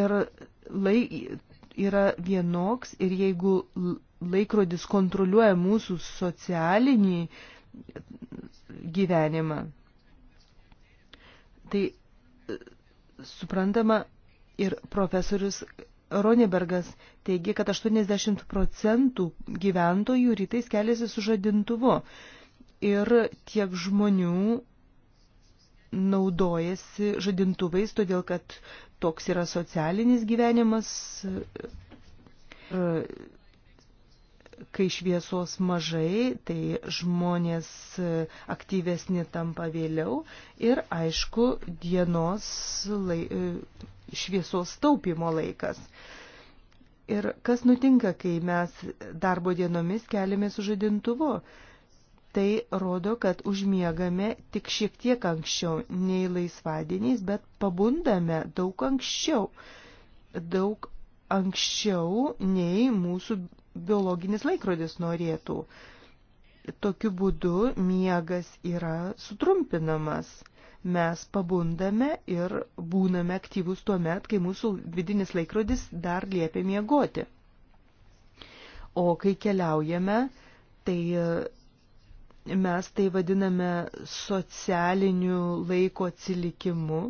ir lai, yra vienoks ir jeigu laikrodis kontroliuoja mūsų socialinį gyvenimą, tai e, suprantama ir profesorius Ronebergas teigia, kad 80 procentų gyventojų rytais keliasi su žadintuvu ir tiek žmonių naudojasi žadintuvais, todėl kad toks yra socialinis gyvenimas. Ir kai šviesos mažai, tai žmonės aktyvesni tampa vėliau ir aišku dienos lai, šviesos taupimo laikas. Ir kas nutinka, kai mes darbo dienomis keliamės su žadintuvu? Tai rodo, kad užmiegame tik šiek tiek anksčiau nei laisvadieniais, bet pabundame daug anksčiau. Daug anksčiau nei mūsų biologinis laikrodis norėtų. Tokiu būdu miegas yra sutrumpinamas. Mes pabundame ir būname aktyvus tuo met, kai mūsų vidinis laikrodis dar liepia miegoti. O kai keliaujame, tai Mes tai vadiname socialiniu laiko atsilikimu,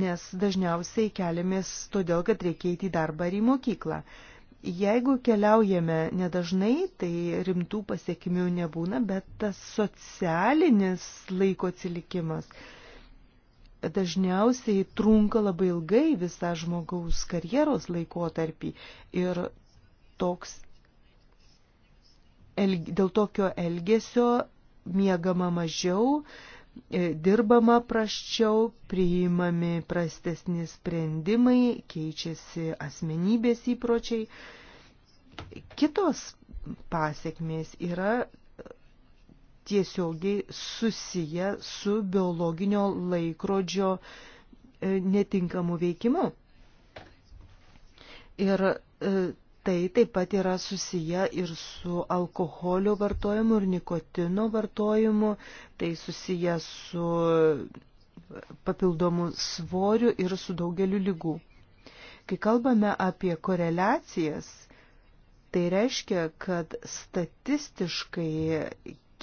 nes dažniausiai keliamės todėl, kad reikia eiti į darbą ar į mokyklą. Jeigu keliaujame nedažnai, tai rimtų pasiekimių nebūna, bet tas socialinis laiko atsilikimas dažniausiai trunka labai ilgai visą žmogaus karjeros laikotarpį ir toks dėl tokio elgesio miegama mažiau, e, dirbama praščiau, priimami prastesni sprendimai, keičiasi asmenybės įpročiai. Kitos pasiekmės yra tiesiogiai susiję su biologinio laikrodžio e, netinkamu veikimu. Ir e, tai taip pat yra susiję ir su alkoholio vartojimu ir nikotino vartojimu, tai susiję su papildomu svoriu ir su daugeliu lygų. Kai kalbame apie koreliacijas, tai reiškia, kad statistiškai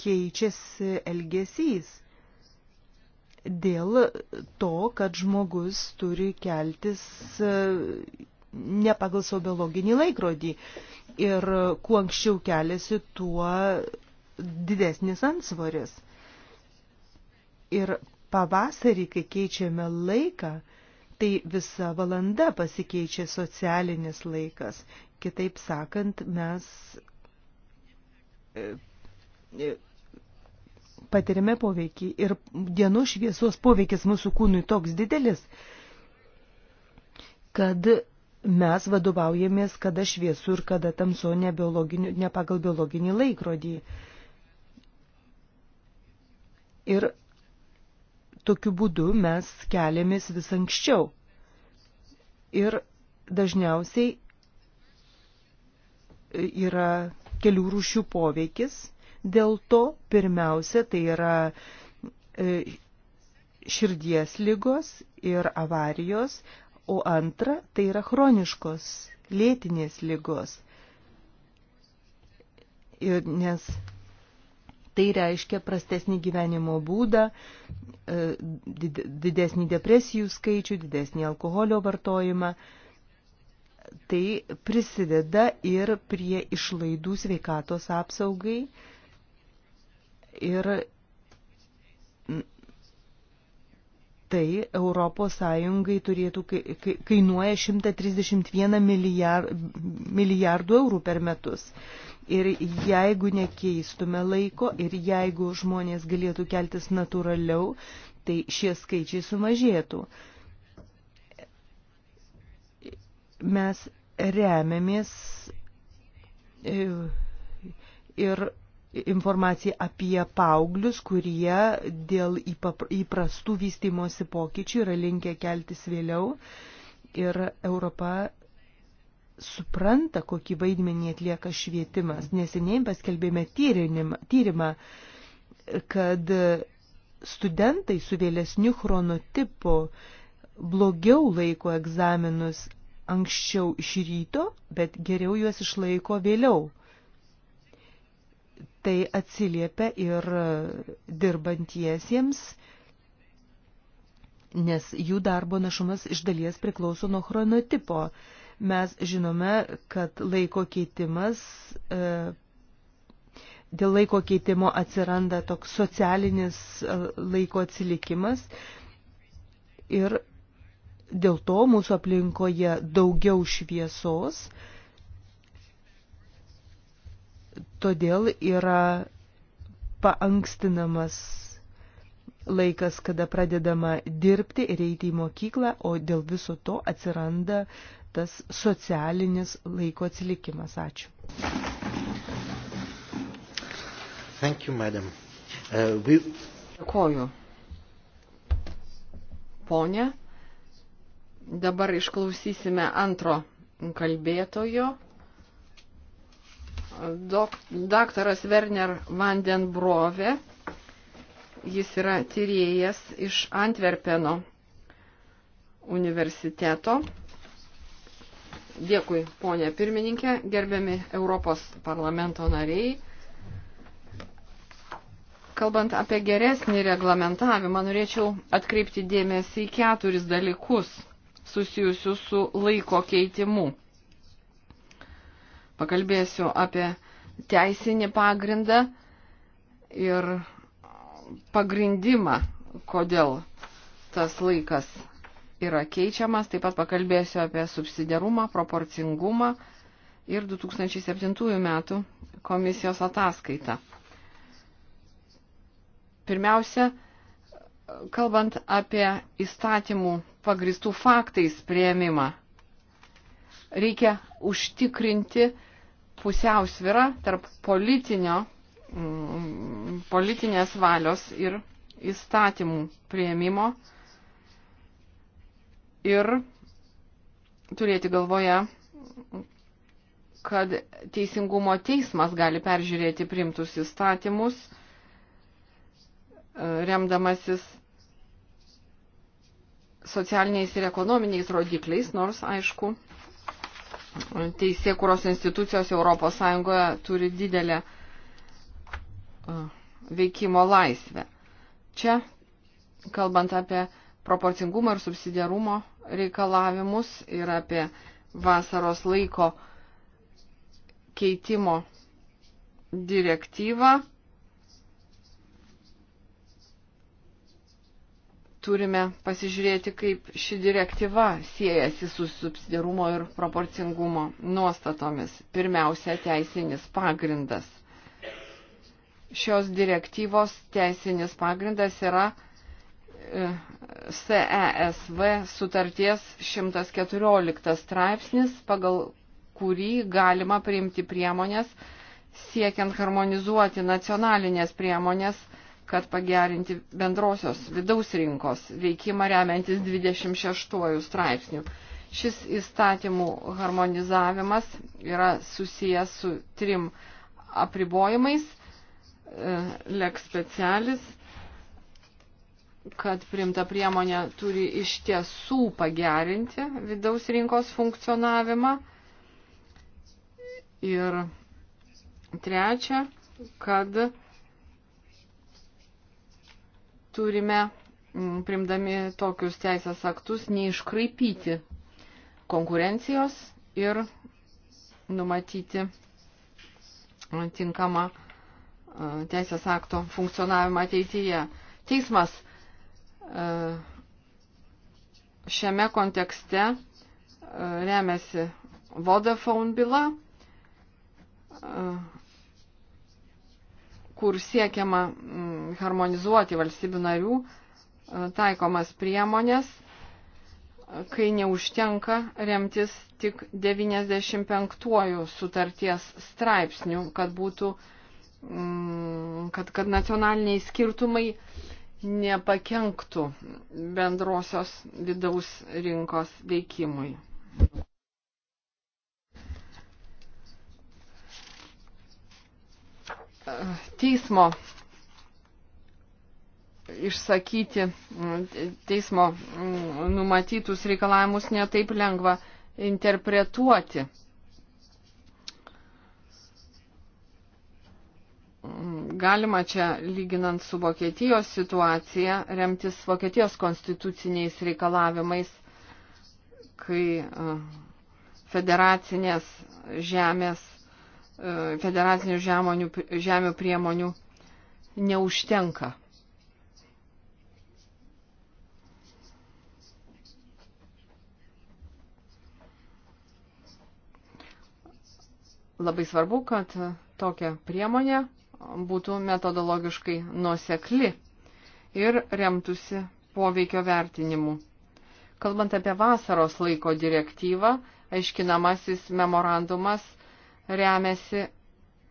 keičiasi elgesys dėl to, kad žmogus turi keltis ne pagal savo biologinį laikrodį. Ir kuo anksčiau keliasi, tuo didesnis ansvoris. Ir pavasarį, kai keičiame laiką, tai visa valanda pasikeičia socialinis laikas. Kitaip sakant, mes e, e, patirime poveikį ir dienų šviesos poveikis mūsų kūnui toks didelis, kad mes vadovaujamės, kada šviesu ir kada tamso ne, ne pagal biologinį laikrodį. Ir tokiu būdu mes keliamės vis anksčiau. Ir dažniausiai yra kelių rūšių poveikis, dėl to pirmiausia tai yra e, širdies lygos ir avarijos, o antra tai yra chroniškos, lėtinės lygos. Ir nes tai reiškia prastesnį gyvenimo būdą, e, didesnį depresijų skaičių, didesnį alkoholio vartojimą. Tai prisideda ir prie išlaidų sveikatos apsaugai ir tai ES turėtų kainuoja 131 milijardų eurų per metus. Ir jeigu nekeistume laiko ir jeigu žmonės galėtų keltis natūraliau, tai šie skaičiai sumažėtų. Mes remiamės e, ir informaciją apie paauglius, kurie dėl įprastų vystimosi pokyčių yra linkę keltis vėliau. Ir Europa supranta, kokį vaidmenį atlieka švietimas. Neseniai paskelbėme tyrimą, kad studentai su vėlesniu chronotipu blogiau laiko egzaminus anksčiau iš ryto, bet geriau juos išlaiko vėliau tai atsiliepia ir dirbantiesiems, nes jų darbo našumas iš dalies priklauso nuo chronotipo. Mes žinome, kad laiko keitimas, e, dėl laiko keitimo atsiranda toks socialinis e, laiko atsilikimas ir dėl to mūsų aplinkoje daugiau šviesos, todėl yra paankstinamas laikas, kada pradedama dirbti ir eiti į mokyklą, o dėl viso to atsiranda tas socialinis laiko atsilikimas. Ačiū. Thank you, madam. Uh, we... Dėkoju. Pone, dabar išklausysime antro kalbėtojo dok, daktaras Werner Vandenbrove. Jis yra tyrėjas iš Antverpeno universiteto. Dėkui, ponė pirmininkė, gerbiami Europos parlamento nariai. Kalbant apie geresnį reglamentavimą, norėčiau atkreipti dėmesį į keturis dalykus susijusius su laiko keitimu pakalbėsiu apie teisinį pagrindą ir pagrindimą, kodėl tas laikas yra keičiamas. Taip pat pakalbėsiu apie subsidiarumą, proporcingumą ir 2007 metų komisijos ataskaitą. Pirmiausia, kalbant apie įstatymų pagristų faktais prieimimą, reikia užtikrinti, pusiausvyrą tarp politinio, mm, politinės valios ir įstatymų prieimimo ir turėti galvoje, kad teisingumo teismas gali peržiūrėti primtus įstatymus, e, remdamasis socialiniais ir ekonominiais rodikliais, nors, aišku, teisėkuros institucijos ES turi didelę e, veikimo laisvę. Čia, kalbant apie proporcingumo ir subsidiarumo reikalavimus ir apie vasaros laiko keitimo direktyvą, turime pasižiūrėti, kaip ši direktyva siejasi su subsidiarumo ir proporcingumo nuostatomis. Pirmiausia, teisinis pagrindas. Šios direktyvos teisinis pagrindas yra e, CESV sutarties 114 straipsnis, pagal kurį galima priimti priemonės siekiant harmonizuoti nacionalinės priemonės kad pagerinti bendrosios vidaus rinkos veikimą remiantis 26 straipsnių. Šis įstatymų harmonizavimas yra susijęs su trim apribojimais, e, leks specialis, kad primta priemonė turi iš tiesų pagerinti vidaus rinkos funkcionavimą. Ir trečia, kad turime, mm, primdami tokius teisės aktus, neiškraipyti konkurencijos ir numatyti mm, tinkamą e, teisės akto funkcionavimą ateityje. Teismas e, šiame kontekste e, remiasi Vodafone byla, kur siekiama mm, harmonizuoti valstybių narių e, taikomas priemonės, kai neužtenka remtis tik 95 sutarties straipsnių, kad būtų, mm, kad, kad nacionaliniai skirtumai nepakenktų bendrosios vidaus rinkos veikimui. teismo išsakyti teismo numatytus reikalavimus netaip lengva interpretuoti. Galima čia, lyginant su Vokietijos situacija, remtis Vokietijos konstituciniais reikalavimais, kai federacinės žemės E, federacinių žemonių, žemių priemonių neužtenka. Labai svarbu, kad tokia priemonė būtų metodologiškai nuosekli ir remtųsi poveikio vertinimu. Kalbant apie vasaros laiko direktyvą, aiškinamasis memorandumas remiasi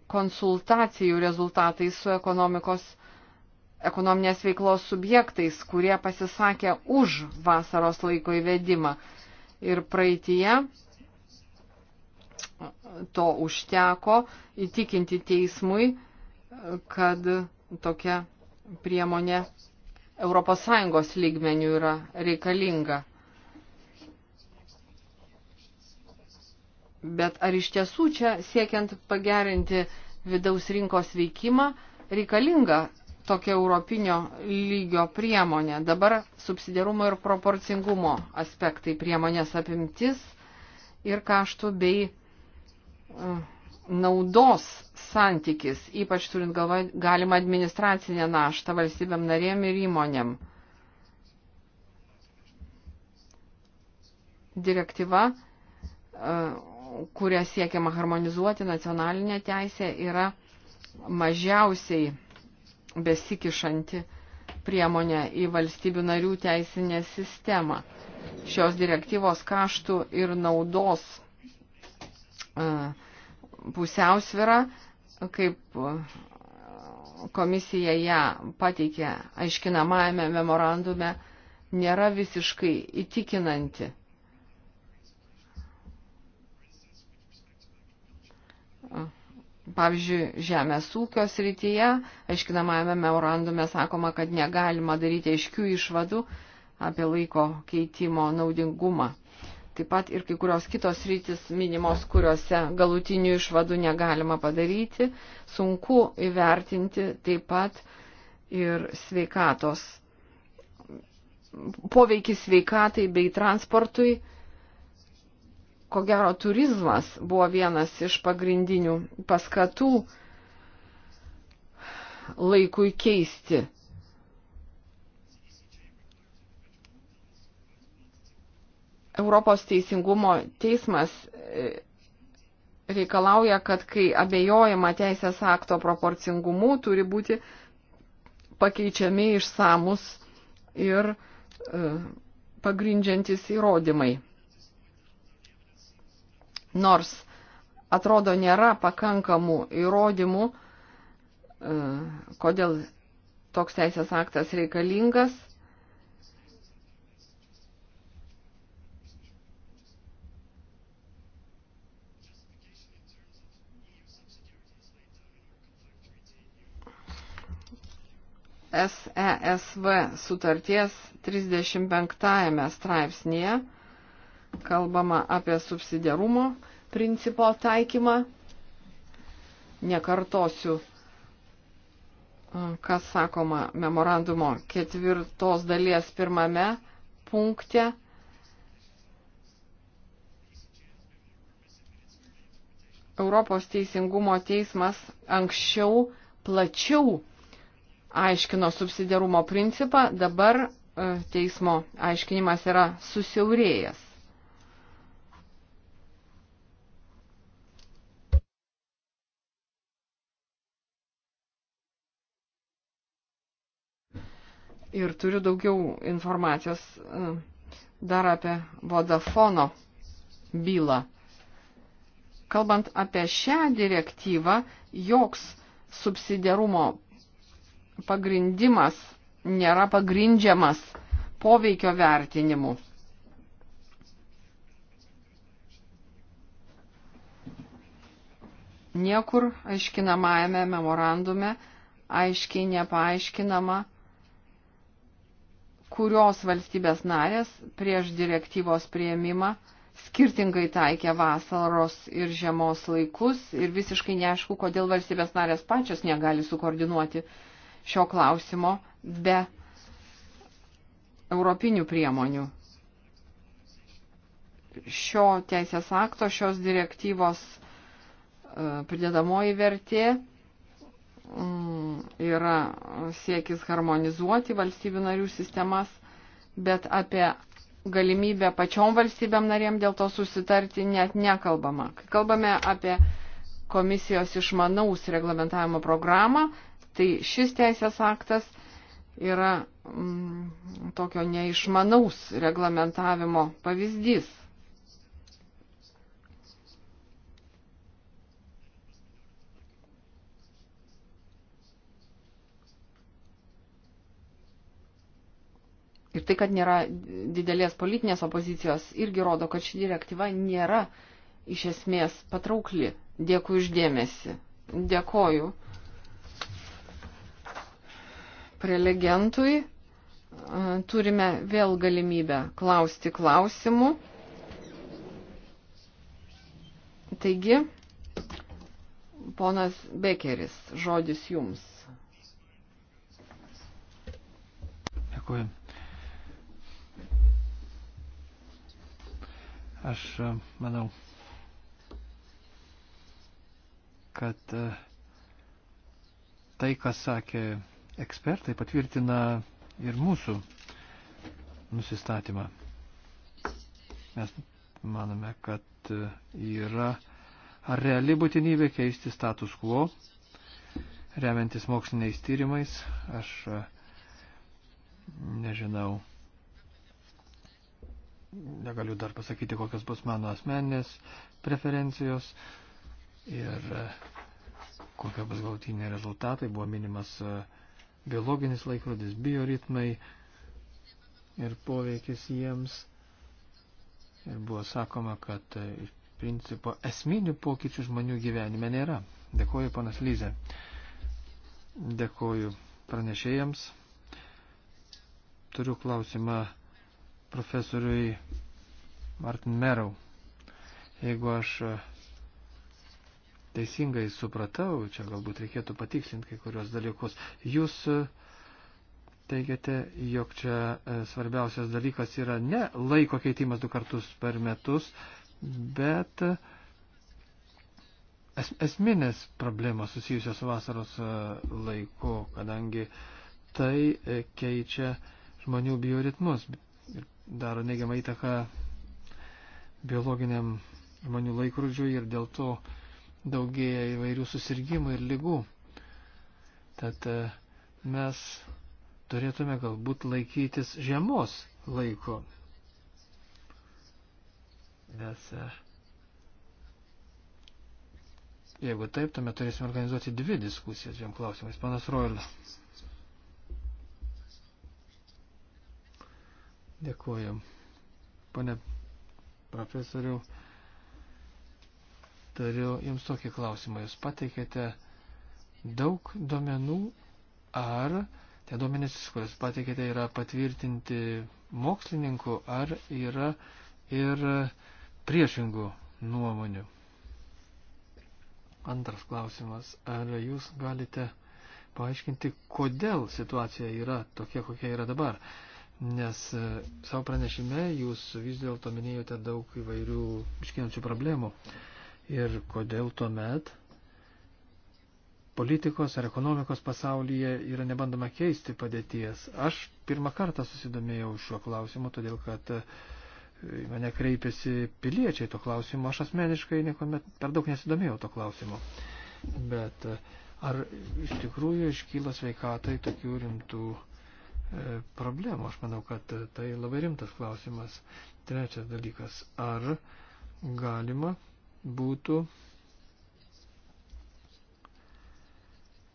konsultacijų rezultatais su ekonomikos, ekonominės veiklos subjektais, kurie pasisakė už vasaros laiko įvedimą. Ir praeitie to užteko įtikinti teismui, kad tokia priemonė ES lygmenių yra reikalinga. Bet ar iš tiesų čia siekiant pagerinti vidaus rinkos veikimą reikalinga tokia europinio lygio priemonė? Dabar subsidiarumo ir proporcingumo aspektai priemonės apimtis ir kaštų bei e, naudos santykis, ypač turint galvoje galimą administracinę naštą valstybėm narėm ir įmonėm. Direktyva e, kurią siekiama harmonizuoti nacionalinė teisė, yra mažiausiai besikišanti priemonė į valstybių narių teisinę sistemą. Šios direktyvos kaštų ir naudos e, pusiausvira, kaip e, komisija ją pateikė aiškinamajame memorandume, nėra visiškai įtikinanti. Pavyzdžiui, žemės ūkio srityje, aiškinamajame memorandume sakoma, kad negalima daryti aiškių išvadų apie laiko keitimo naudingumą. Taip pat ir kai kurios kitos rytis minimos, kuriuose galutinių išvadų negalima padaryti, sunku įvertinti taip pat ir sveikatos poveikį sveikatai bei transportui ko gero turizmas buvo vienas iš pagrindinių paskatų laikui keisti. Europos teisingumo teismas e, reikalauja, kad kai abejojama teisės akto proporcingumu, turi būti pakeičiami išsamus ir e, pagrindžiantis įrodymai nors atrodo nėra pakankamų įrodymų, e, kodėl toks teisės aktas reikalingas. SESV sutarties 35 straipsnėje kalbama apie subsidiarumo principo taikymą. Nekartosiu, kas sakoma memorandumo ketvirtos dalies pirmame punkte. Europos teisingumo teismas anksčiau plačiau aiškino subsidiarumo principą, dabar teismo aiškinimas yra susiaurėjęs. ir turiu daugiau informacijos e, dar apie Vodafono bylą. Kalbant apie šią direktyvą, joks subsidiarumo pagrindimas nėra pagrindžiamas poveikio vertinimu. Niekur aiškinamajame memorandume aiškiai nepaaiškinama, kurios valstybės narės prieš direktyvos prieimimą skirtingai taikė vasaros ir žiemos laikus ir visiškai neaišku, kodėl valstybės narės pačios negali sukoordinuoti šio klausimo be europinių priemonių. Šio teisės akto, šios direktyvos e, pridedamoji vertė Mm, yra siekis harmonizuoti valstybių narių sistemas, bet apie galimybę pačiom valstybėm narėm dėl to susitarti net nekalbama. Kai kalbame apie komisijos išmanaus reglamentavimo programą, tai šis teisės aktas yra mm, tokio neišmanaus reglamentavimo pavyzdys. Ir tai, kad nėra didelės politinės opozicijos, irgi rodo, kad ši direktyva nėra iš esmės patraukli. Dėkui uždėmesi. Dėkoju prelegentui. Turime vėl galimybę klausti klausimų. Taigi, ponas Bekeris, žodis jums. Dėkuoju. Aš e, manau, kad e, tai, kas sakė ekspertai, patvirtina ir mūsų nusistatymą. Mes manome, kad e, yra reali būtinybė keisti status quo, remiantis moksliniais tyrimais. Aš nežinau, negaliu dar pasakyti, kokios bus mano asmeninės preferencijos ir e, kokie bus gautiniai rezultatai. Buvo minimas e, biologinis laikrodis, bioritmai ir poveikis jiems. Ir buvo sakoma, kad e, iš principo esminių pokyčių žmonių gyvenime nėra. Dėkoju, panas Lyze. Dėkoju pranešėjams. Turiu klausimą profesoriui Martin Merau. Jeigu aš e, teisingai supratau, čia galbūt reikėtų patikslinti kai kurios dalykus, jūs e, teigiate, jog čia e, svarbiausias dalykas yra ne laiko keitimas du kartus per metus, bet es, esminės problemos susijusios su vasaros laiku, kadangi tai keičia žmonių bioritmus ir daro neigiamą įtaką biologiniam žmonių laikrodžiui ir dėl to daugėja įvairių susirgymų ir lygų. Tad e, mes turėtume galbūt laikytis žiemos laiko. Nes e, jeigu taip, tuomet turėsime organizuoti dvi diskusijas dviem klausimais. Panas Roilis. Dėkuoju. Pane profesoriu, turiu Jums tokį klausimą. Jūs pateikėte daug duomenų, ar tie duomenys, kuriuos pateikėte, yra patvirtinti mokslininkų, ar yra ir priešingų nuomonių. Antras klausimas. Ar jūs galite paaiškinti, kodėl situacija yra tokia, kokia yra dabar? nes e, savo pranešime jūs vis dėlto minėjote daug įvairių iškinančių problemų. Ir kodėl tuomet politikos ar ekonomikos pasaulyje yra nebandoma keisti padėties. Aš pirmą kartą susidomėjau šiuo klausimu, todėl kad e, mane kreipėsi piliečiai to klausimu. Aš asmeniškai niekuomet per daug nesidomėjau to klausimu. Bet e, ar iš tikrųjų iškyla sveikatai tokių rimtų uh, E, problemų. Aš manau, kad tai labai rimtas klausimas. Trečias dalykas, ar galima būtų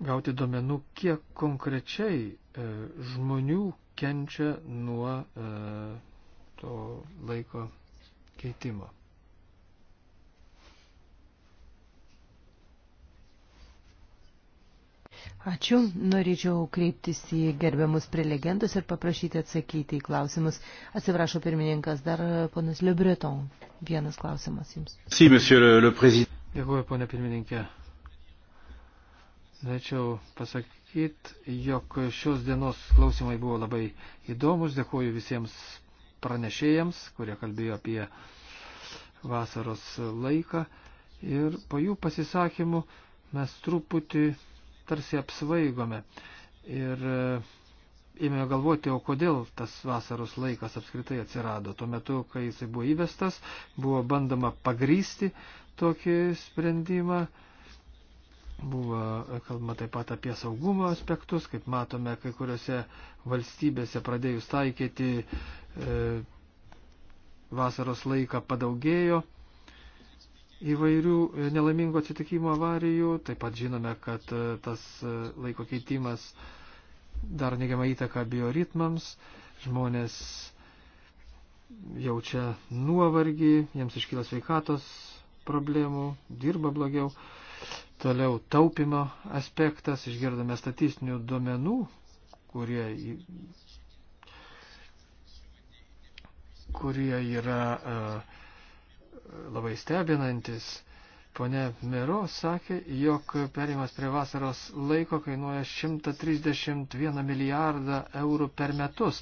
gauti domenų, kiek konkrečiai e, žmonių kenčia nuo e, to laiko keitimo. Ačiū. Norėčiau kreiptis į gerbiamus prelegentus ir paprašyti atsakyti į klausimus. Atsiprašau, pirmininkas, dar ponas Le Breton. Vienas klausimas jums. Si, Dėkuoju, ponė pirmininkė. Norėčiau pasakyti, jog šios dienos klausimai buvo labai įdomus. Dėkuoju visiems pranešėjams, kurie kalbėjo apie vasaros laiką. Ir po jų pasisakymų mes truputį tarsi apsvaigome ir e, ėmėme galvoti, o kodėl tas vasaros laikas apskritai atsirado. Tuo metu, kai jisai buvo įvestas, buvo bandama pagrysti tokį sprendimą. Buvo kalbama taip pat apie saugumo aspektus, kaip matome, kai kuriuose valstybėse pradėjus taikyti e, vasaros laiką padaugėjo įvairių e, nelaimingų atsitikimų avarijų. Taip pat žinome, kad e, tas e, laiko keitimas dar neigiamą įtaką bioritmams. Žmonės jaučia nuovargį, jiems iškyla sveikatos problemų, dirba blogiau. Toliau taupimo aspektas, išgirdome statistinių duomenų, kurie, kurie yra uh, labai stebinantis. Pone Miro sakė, jog perimas prie vasaros laiko kainuoja 131 milijardą eurų per metus.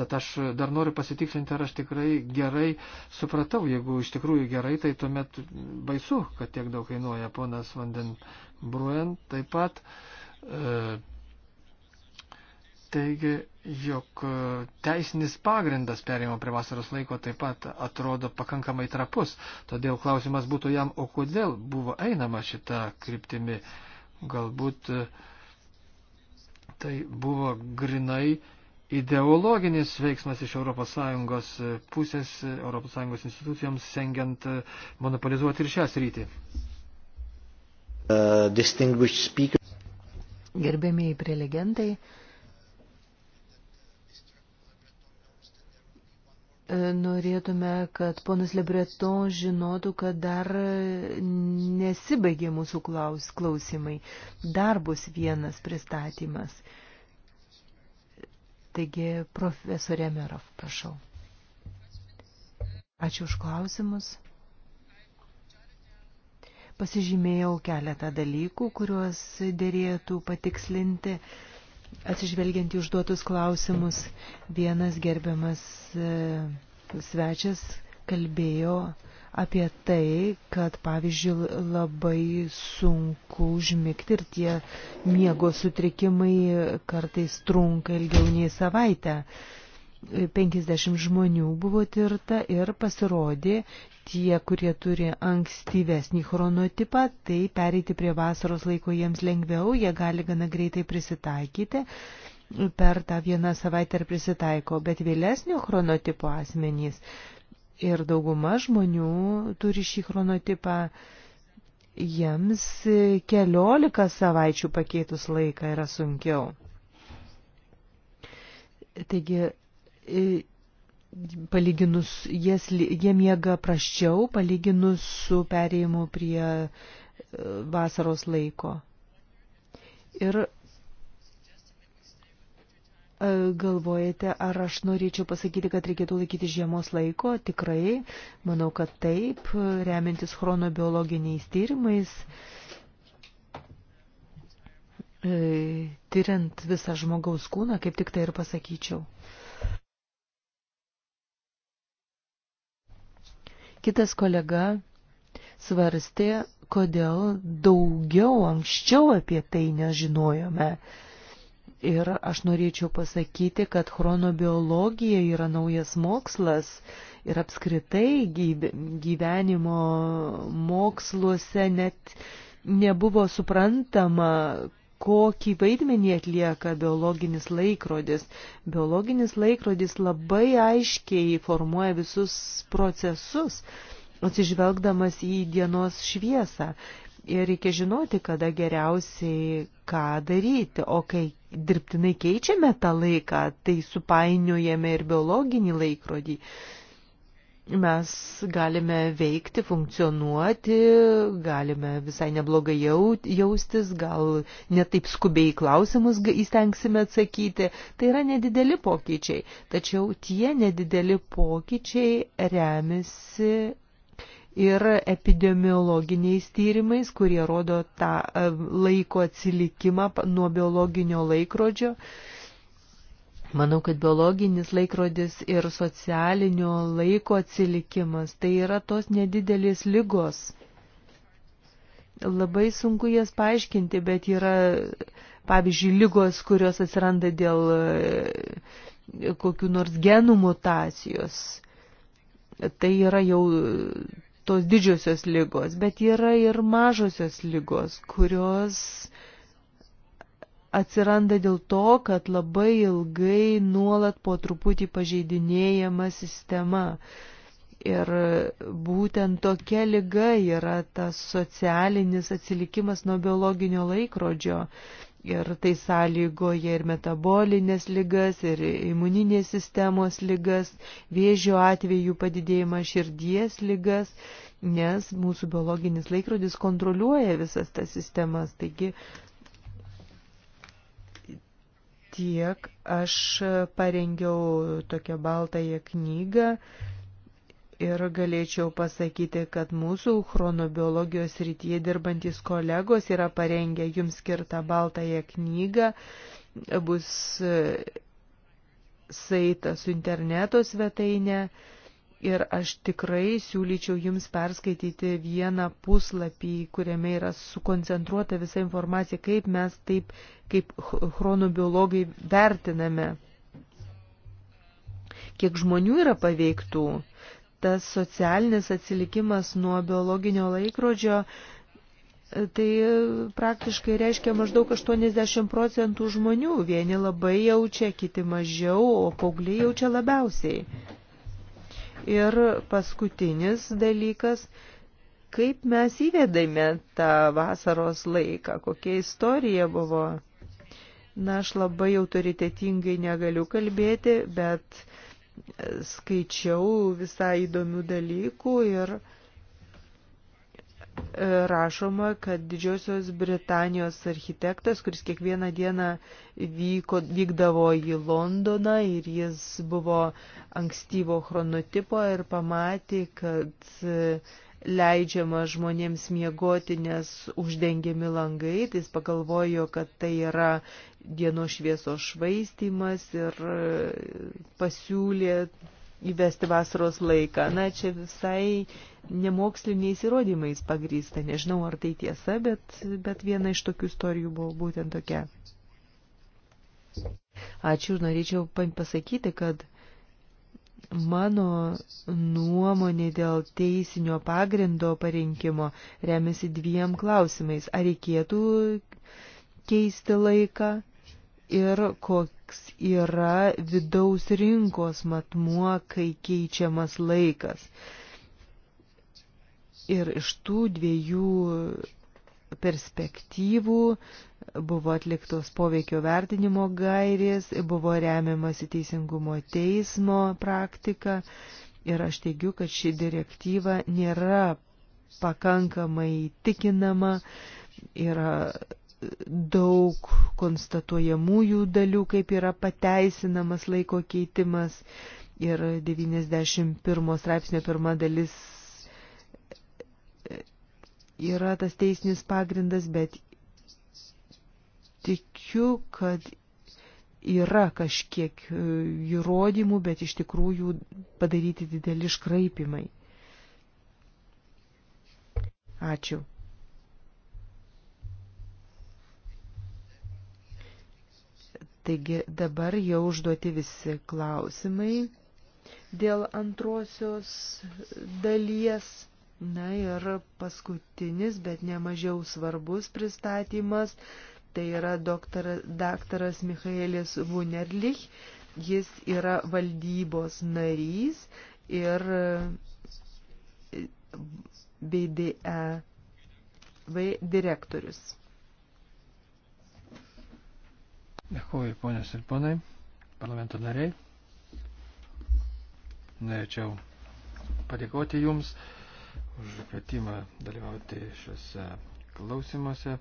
Tad aš dar noriu pasitikslinti, ar aš tikrai gerai supratau. Jeigu iš tikrųjų gerai, tai tuomet baisu, kad tiek daug kainuoja ponas Vanden Bruen. Taip pat e, teigia, jog e, teisinis pagrindas perėjimo prie vasaros laiko taip pat atrodo pakankamai trapus. Todėl klausimas būtų jam, o kodėl buvo einama šita kryptimi. Galbūt e, tai buvo grinai ideologinis veiksmas iš ES e, pusės, ES institucijoms sengiant monopolizuoti ir šią sritį. Uh, Gerbėmiai prelegentai, uh, norėtume, kad ponas Lebreton žinotų, kad dar nesibaigė mūsų klaus, klausimai. Dar bus vienas pristatymas. Taigi, profesorė Merov, prašau. Ačiū už klausimus. Pasižymėjau keletą dalykų, kuriuos dėrėtų patikslinti. Uh, Atsižvelgiant į užduotus klausimus, vienas gerbiamas e, svečias kalbėjo apie tai, kad pavyzdžiui labai sunku užmigti ir tie miego sutrikimai kartais trunka ilgiau nei savaitę. Uh, 50 žmonių buvo tirta ir pasirodė tie, kurie turi ankstyvesnį chronotipą, tai pereiti prie vasaros laiko jiems lengviau, jie gali gana greitai prisitaikyti per tą vieną savaitę ir prisitaiko, bet vėlesnio chronotipo asmenys ir dauguma žmonių turi šį chronotipą, jiems keliolika savaičių pakeitus laiką yra sunkiau. Taigi palyginus, jas, jie miega praščiau, palyginus su perėjimu prie e, vasaros laiko. Ir e, galvojate, ar aš norėčiau pasakyti, kad reikėtų laikyti žiemos laiko? Tikrai, manau, kad taip, remiantis chronobiologiniais tyrimais, e, tyriant visą žmogaus kūną, kaip tik tai ir pasakyčiau. Kitas kolega svarstė, kodėl daugiau anksčiau apie tai nežinojome. Ir aš norėčiau pasakyti, kad chronobiologija yra naujas mokslas ir apskritai gyvenimo moksluose net nebuvo suprantama, kokį vaidmenį atlieka biologinis laikrodis. Biologinis laikrodis labai aiškiai formuoja visus procesus, atsižvelgdamas į dienos šviesą. Ir reikia žinoti, kada geriausiai ką daryti. O kai dirbtinai keičiame tą laiką, tai supainiojame ir biologinį laikrodį. Uh, mes galime veikti, funkcionuoti, galime visai neblogai jaustis, gal netaip skubiai klausimus įstengsime atsakyti. Tai yra nedideli pokyčiai, tačiau tie nedideli pokyčiai remiasi ir epidemiologiniais tyrimais, kurie rodo tą e, laiko atsilikimą nuo biologinio laikrodžio. Uh, Manau, kad biologinis laikrodis ir socialinio laiko atsilikimas tai yra tos nedidelės lygos. Labai sunku jas paaiškinti, bet yra, pavyzdžiui, lygos, kurios atsiranda dėl e, kokių nors genų mutacijos. Tai yra jau tos didžiosios lygos, bet yra ir mažosios lygos, kurios uh, atsiranda dėl to, kad labai ilgai nuolat po truputį pažeidinėjama sistema. Ir būtent tokia lyga yra tas socialinis atsilikimas nuo biologinio laikrodžio. Ir tai sąlygoja ir metabolinės lygas, ir imuninės sistemos lygas, vėžio atveju padidėjimą širdies lygas, nes mūsų biologinis laikrodis kontroliuoja visas tas sistemas. Taigi tiek. Aš parengiau tokią baltąją knygą ir galėčiau pasakyti, kad mūsų chronobiologijos rytyje dirbantis kolegos yra parengę jums skirtą baltąją knygą. Bus e, saita su interneto svetainė. Ir aš tikrai siūlyčiau jums perskaityti vieną puslapį, kuriame yra sukoncentruota visa informacija, kaip mes taip, kaip chronobiologai vertiname, kiek žmonių yra paveiktų. Tas socialinis atsilikimas nuo biologinio laikrodžio tai praktiškai reiškia maždaug 80 procentų žmonių. Vieni labai jaučia, kiti mažiau, o paaugliai jaučia labiausiai. Ir paskutinis dalykas, kaip mes įvedame tą vasaros laiką, kokia istorija buvo. Na, aš labai autoritetingai negaliu kalbėti, bet skaičiau visai įdomių dalykų ir uh, rašoma, kad Didžiosios Britanijos architektas, kuris kiekvieną dieną vyko, vykdavo į Londoną ir jis buvo ankstyvo chronotipo ir pamatė, kad e, leidžiama žmonėms miegoti, nes uždengiami langai, tai jis pagalvojo, kad tai yra dienos šviesos švaistimas ir e, pasiūlė įvesti vasaros laiką. Na, čia visai nemoksliniais įrodymais pagrįsta. Nežinau, ar tai tiesa, bet, bet viena iš tokių istorijų buvo būtent tokia. Ačiū ir norėčiau pasakyti, kad mano nuomonė dėl teisinio pagrindo parinkimo remiasi dviem klausimais. Ar reikėtų keisti laiką ir kokią koks yra vidaus rinkos matmuo, kai keičiamas laikas. Ir iš tų dviejų perspektyvų buvo atliktos poveikio vertinimo gairės, buvo remiamasi teisingumo teismo praktika ir aš teigiu, kad ši direktyva nėra pakankamai tikinama, yra daug konstatuojamųjų dalių, kaip yra pateisinamas laiko keitimas ir 91 straipsnio pirma dalis yra tas teisinis pagrindas, bet tikiu, kad yra kažkiek e, įrodymų, bet iš tikrųjų padaryti dideli iškraipimai. Ačiū. Taigi dabar jau užduoti visi klausimai dėl antrosios dalies. Na ir paskutinis, bet nemažiau svarbus pristatymas, tai yra doktora, daktaras Michaelis Wunerlich. Jis yra valdybos narys ir BDE e direktorius. Dėkuoju, ponės ir ponai, parlamento nariai. Norėčiau padėkoti Jums už kvietimą dalyvauti šiuose klausimuose.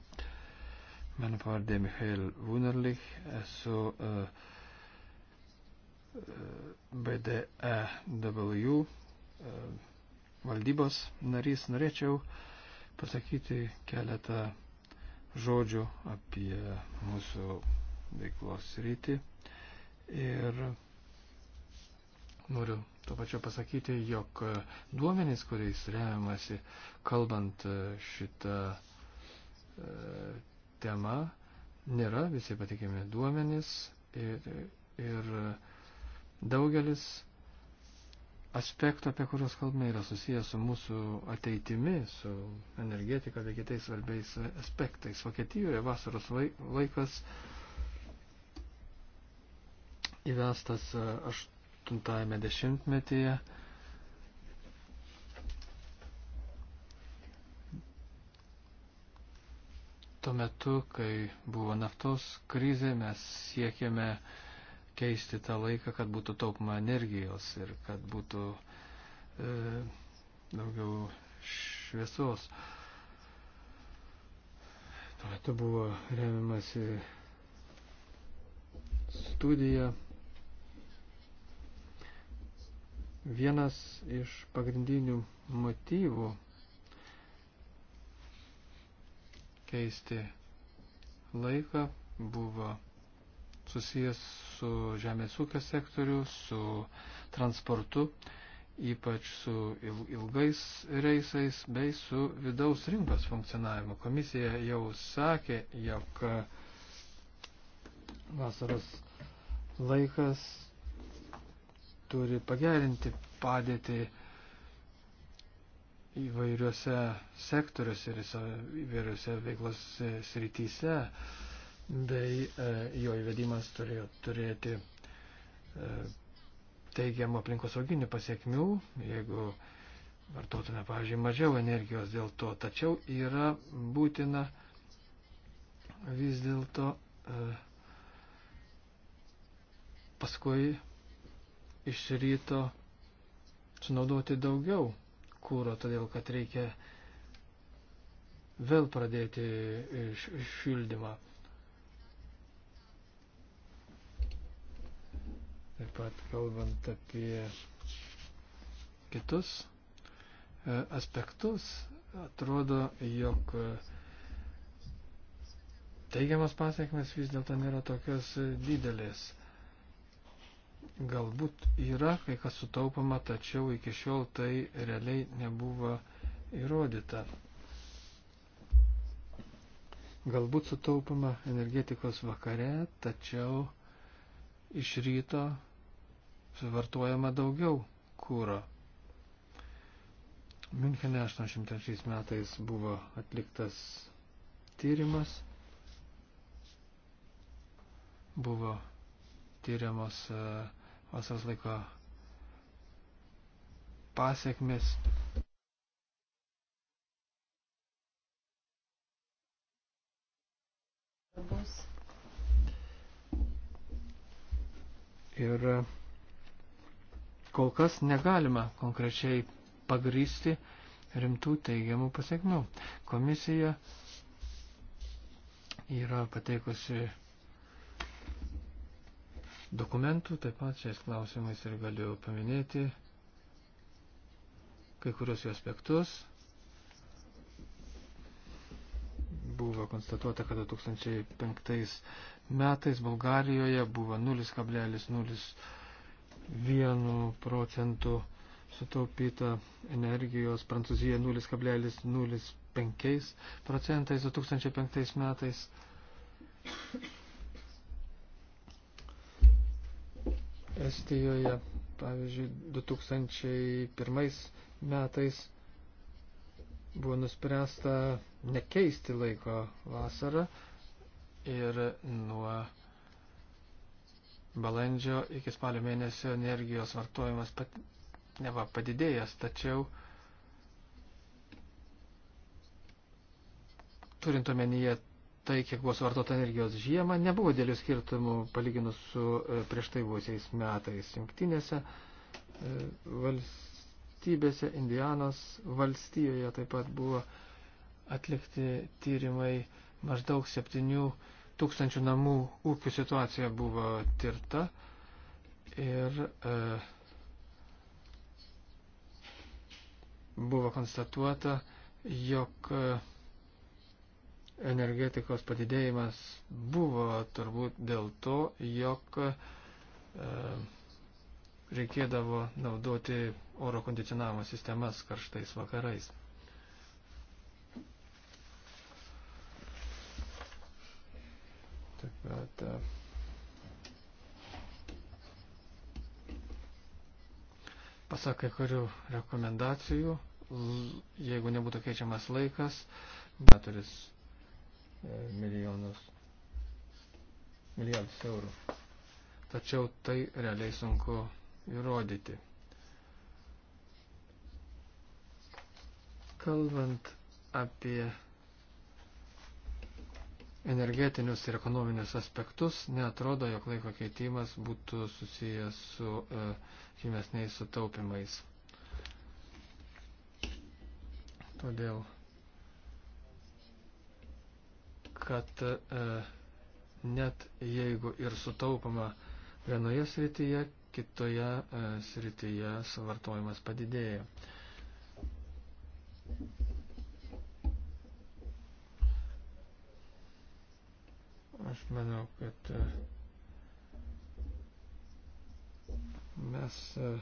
Mano pavardė Michael Wunerlich, esu uh, e, e, BDEW uh, e, valdybos narys. Norėčiau pasakyti keletą žodžių apie mūsų veiklos rytį. Ir noriu tuo pačiu pasakyti, jog duomenys, kuriais remiamasi, kalbant šitą e, e temą, nėra visi patikimi duomenys ir, ir daugelis aspektų, apie kuriuos kalbame, yra susijęs su mūsų ateitimi, su energetika bei kitais svarbiais aspektais. Vokietijoje vasaros laikas e, įvestas 80-ame e, dešimtmetyje. Tuo metu, kai buvo naftos krizė, mes siekėme keisti tą laiką, kad būtų taupama energijos ir kad būtų e, daugiau šviesos. Tuo metu buvo remiamasi studija Vienas iš pagrindinių motyvų keisti laiką buvo susijęs su žemės ūkio sektoriu, su transportu, ypač su ilgais reisais bei su vidaus rinkos funkcionavimu. Komisija jau sakė, jog vasaros laikas turi pagerinti padėtį įvairiuose sektoriuose ir įvairiuose veiklos srityse, bei e, jo įvedimas turėjo turėti e, teigiamų aplinkosauginių pasiekmių, jeigu vartotume, pavyzdžiui, mažiau energijos dėl to. Tačiau yra būtina vis dėlto e, paskui iš ryto sunaudoti daugiau kūro, todėl kad reikia vėl pradėti šildymą. Taip pat kalbant apie kitus e, aspektus, atrodo, jog e, teigiamas pasiekmes vis dėlto nėra tokios didelės galbūt yra kai kas sutaupama, tačiau iki šiol tai realiai nebuvo įrodyta. Galbūt sutaupama energetikos vakare, tačiau iš ryto suvartojama daugiau kūro. Münchene 83 metais buvo atliktas tyrimas, buvo tyriamos uh, vasaros laiko pasiekmes. Ir kol kas negalima konkrečiai pagrysti rimtų teigiamų pasiekmių. Komisija yra pateikusi dokumentų, taip pat šiais klausimais ir galiu paminėti kai kurios jų aspektus. Buvo konstatuota, kad 2005 metais Bulgarijoje buvo 0,01 procentų sutaupyta energijos, Prancūzija 0,05 procentais 2005 metais. Estijoje, pavyzdžiui, 2001 metais buvo nuspręsta nekeisti laiko vasarą ir nuo balandžio iki spalio mėnesio energijos vartojimas pat, neva padidėjęs, tačiau turint omenyje tai, kiek buvo suvartota energijos žiemą, nebuvo dėlių skirtumų palyginus su e, prieš tai buvusiais metais jungtinėse e, valstybėse, Indianos valstijoje taip pat buvo atlikti tyrimai maždaug 7 tūkstančių namų ūkių situacija buvo tirta ir e, buvo konstatuota, jog e, energetikos padidėjimas buvo turbūt dėl to, jog e, reikėdavo naudoti oro kondicionavimo sistemas karštais vakarais. Taip pat. E, pasak kai kurių rekomendacijų, jeigu nebūtų keičiamas laikas, meturis E, milijonus, milijardus eurų. Tačiau tai realiai sunku įrodyti. Kalbant apie energetinius ir ekonominius aspektus, netrodo, jog laiko keitimas būtų susijęs su e, žymesniais sutaupimais. Todėl kad e, net jeigu ir sutaupama vienoje srityje, kitoje e, srityje suvartojimas padidėja. Aš manau, kad e, mes e,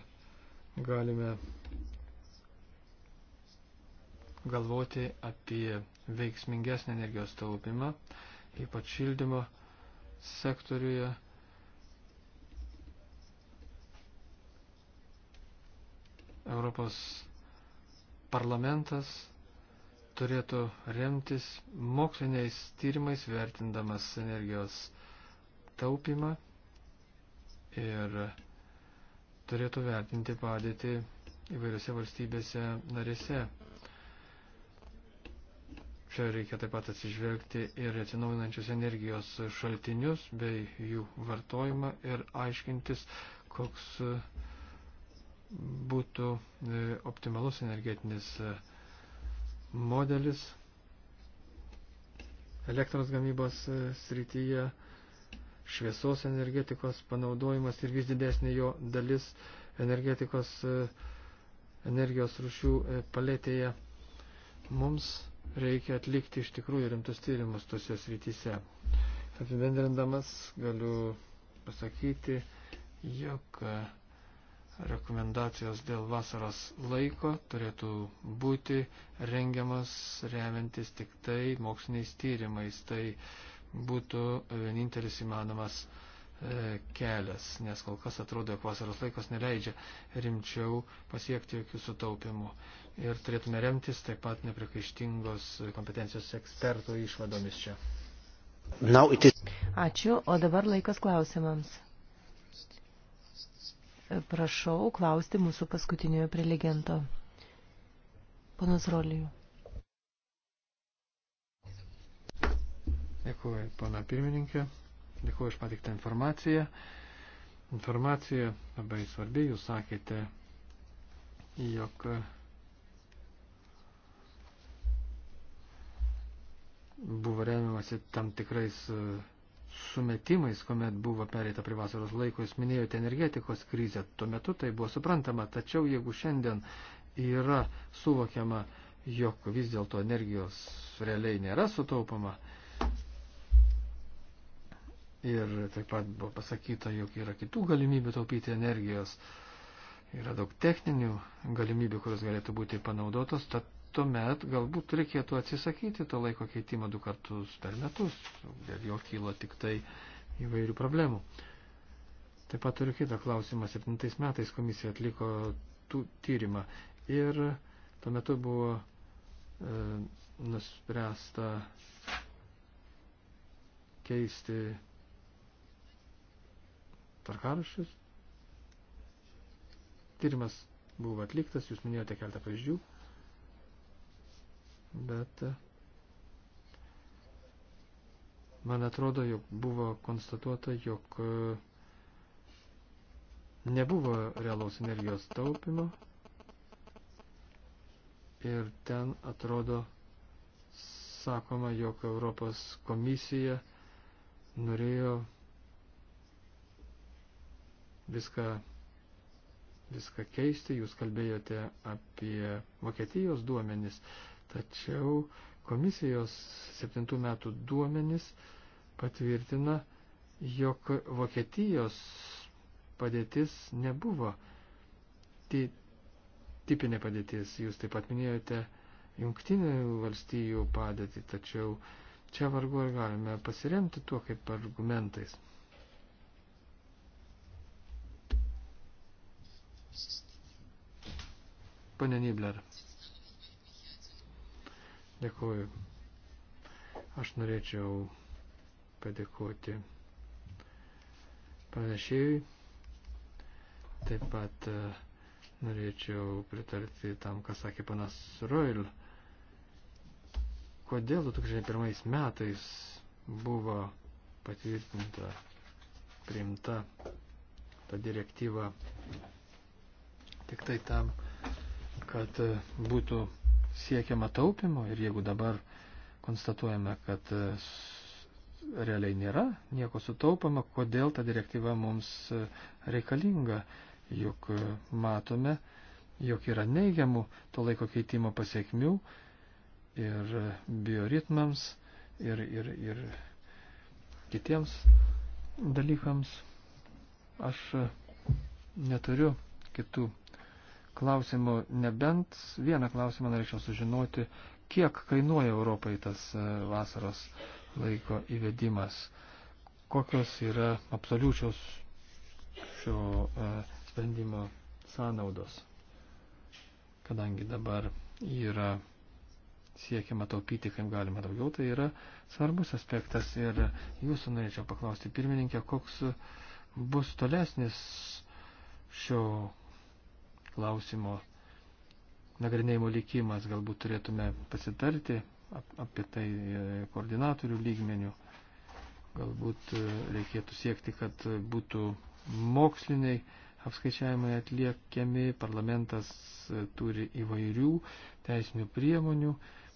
galime galvoti apie veiksmingesnį energijos taupimą, ypač šildymo sektoriuje. Europos parlamentas turėtų remtis moksliniais tyrimais vertindamas energijos taupimą ir turėtų vertinti padėti įvairiose valstybėse narėse. Čia reikia taip pat atsižvelgti ir atsinaujinančius energijos šaltinius bei jų vartojimą ir aiškintis, koks e, būtų e, optimalus energetinis e, modelis elektros gamybos srityje, šviesos energetikos panaudojimas ir vis didesnė jo dalis energetikos energijos rušių paletėje. Mums reikia atlikti iš tikrųjų rimtus tyrimus tose srityse. Apibendrindamas galiu pasakyti, jog rekomendacijos dėl vasaros laiko turėtų būti rengiamas remiantis tik tai moksliniais tyrimais. Tai būtų vienintelis įmanomas E, kelias, nes kol kas atrodo, jog vasaros laikos neleidžia rimčiau pasiekti jokių sutaupimų. Ir turėtume remtis taip pat neprikaištingos kompetencijos ekspertų išvadomis čia. Now it is... Ačiū, o dabar laikas klausimams. Prašau klausti mūsų paskutiniojo prelegento. Ponas Rolijų. Dėkuoju, pana pirmininkė. Dėkuoju už patiktą informaciją. Informacija labai svarbi. Jūs sakėte, jog buvo remiamasi tam tikrais e, sumetimais, kuomet buvo pereita prie vasaros laiko, jūs minėjote energetikos krizę, tuo metu tai buvo suprantama, tačiau jeigu šiandien yra suvokiama, jog vis dėlto energijos realiai nėra sutaupama, Ir taip pat buvo pasakyta, jog yra kitų galimybių taupyti energijos, yra daug techninių galimybių, kurios galėtų būti panaudotos, tad tuomet galbūt reikėtų atsisakyti to laiko keitimo du kartus per metus, dėl jo kyla tik tai įvairių problemų. Taip pat turiu kitą klausimą, 7 metais komisija atliko tų tyrimą ir tuo metu buvo e, nuspręsta keisti tarkaraščius. Tyrimas buvo atliktas, jūs minėjote keltą pavyzdžių, bet e, man atrodo, jog buvo konstatuota, jog e, nebuvo realaus energijos taupimo ir ten atrodo sakoma, jog Europos komisija norėjo viską, viską keisti. Jūs kalbėjote apie Vokietijos duomenis, tačiau komisijos septintų metų duomenis patvirtina, jog Vokietijos padėtis nebuvo ti, tipinė padėtis. Jūs taip pat minėjote jungtinių valstybių padėtį, tačiau čia vargu ar galime pasiremti tuo kaip argumentais. Pane Nibler. Dėkuoju. Aš norėčiau padėkoti pranešėjui. Taip pat e, norėčiau pritarti tam, ką sakė panas Roil. Kodėl 2001 metais buvo patvirtinta, priimta ta direktyva tik tai tam, kad e, būtų siekiama taupimo ir jeigu dabar konstatuojame, kad e, realiai nėra nieko sutaupama, kodėl ta direktyva mums e, reikalinga, juk matome, jog yra neigiamų to laiko keitimo pasiekmių ir bioritmams ir, ir, ir kitiems dalykams. Aš neturiu kitų klausimų, nebent vieną klausimą norėčiau sužinoti, kiek kainuoja Europai tas e, vasaros laiko įvedimas, kokios yra absoliučios šio e, sprendimo sąnaudos, kadangi dabar yra siekiama taupyti, kaip galima daugiau, tai yra svarbus aspektas ir jūsų norėčiau paklausti pirmininkė, koks bus tolesnis šio klausimo nagrinėjimo likimas, galbūt turėtume pasitarti apie tai e, koordinatorių lygmenių. Galbūt e, reikėtų siekti, kad būtų moksliniai apskaičiavimai atliekiami, parlamentas e, turi įvairių teisinių priemonių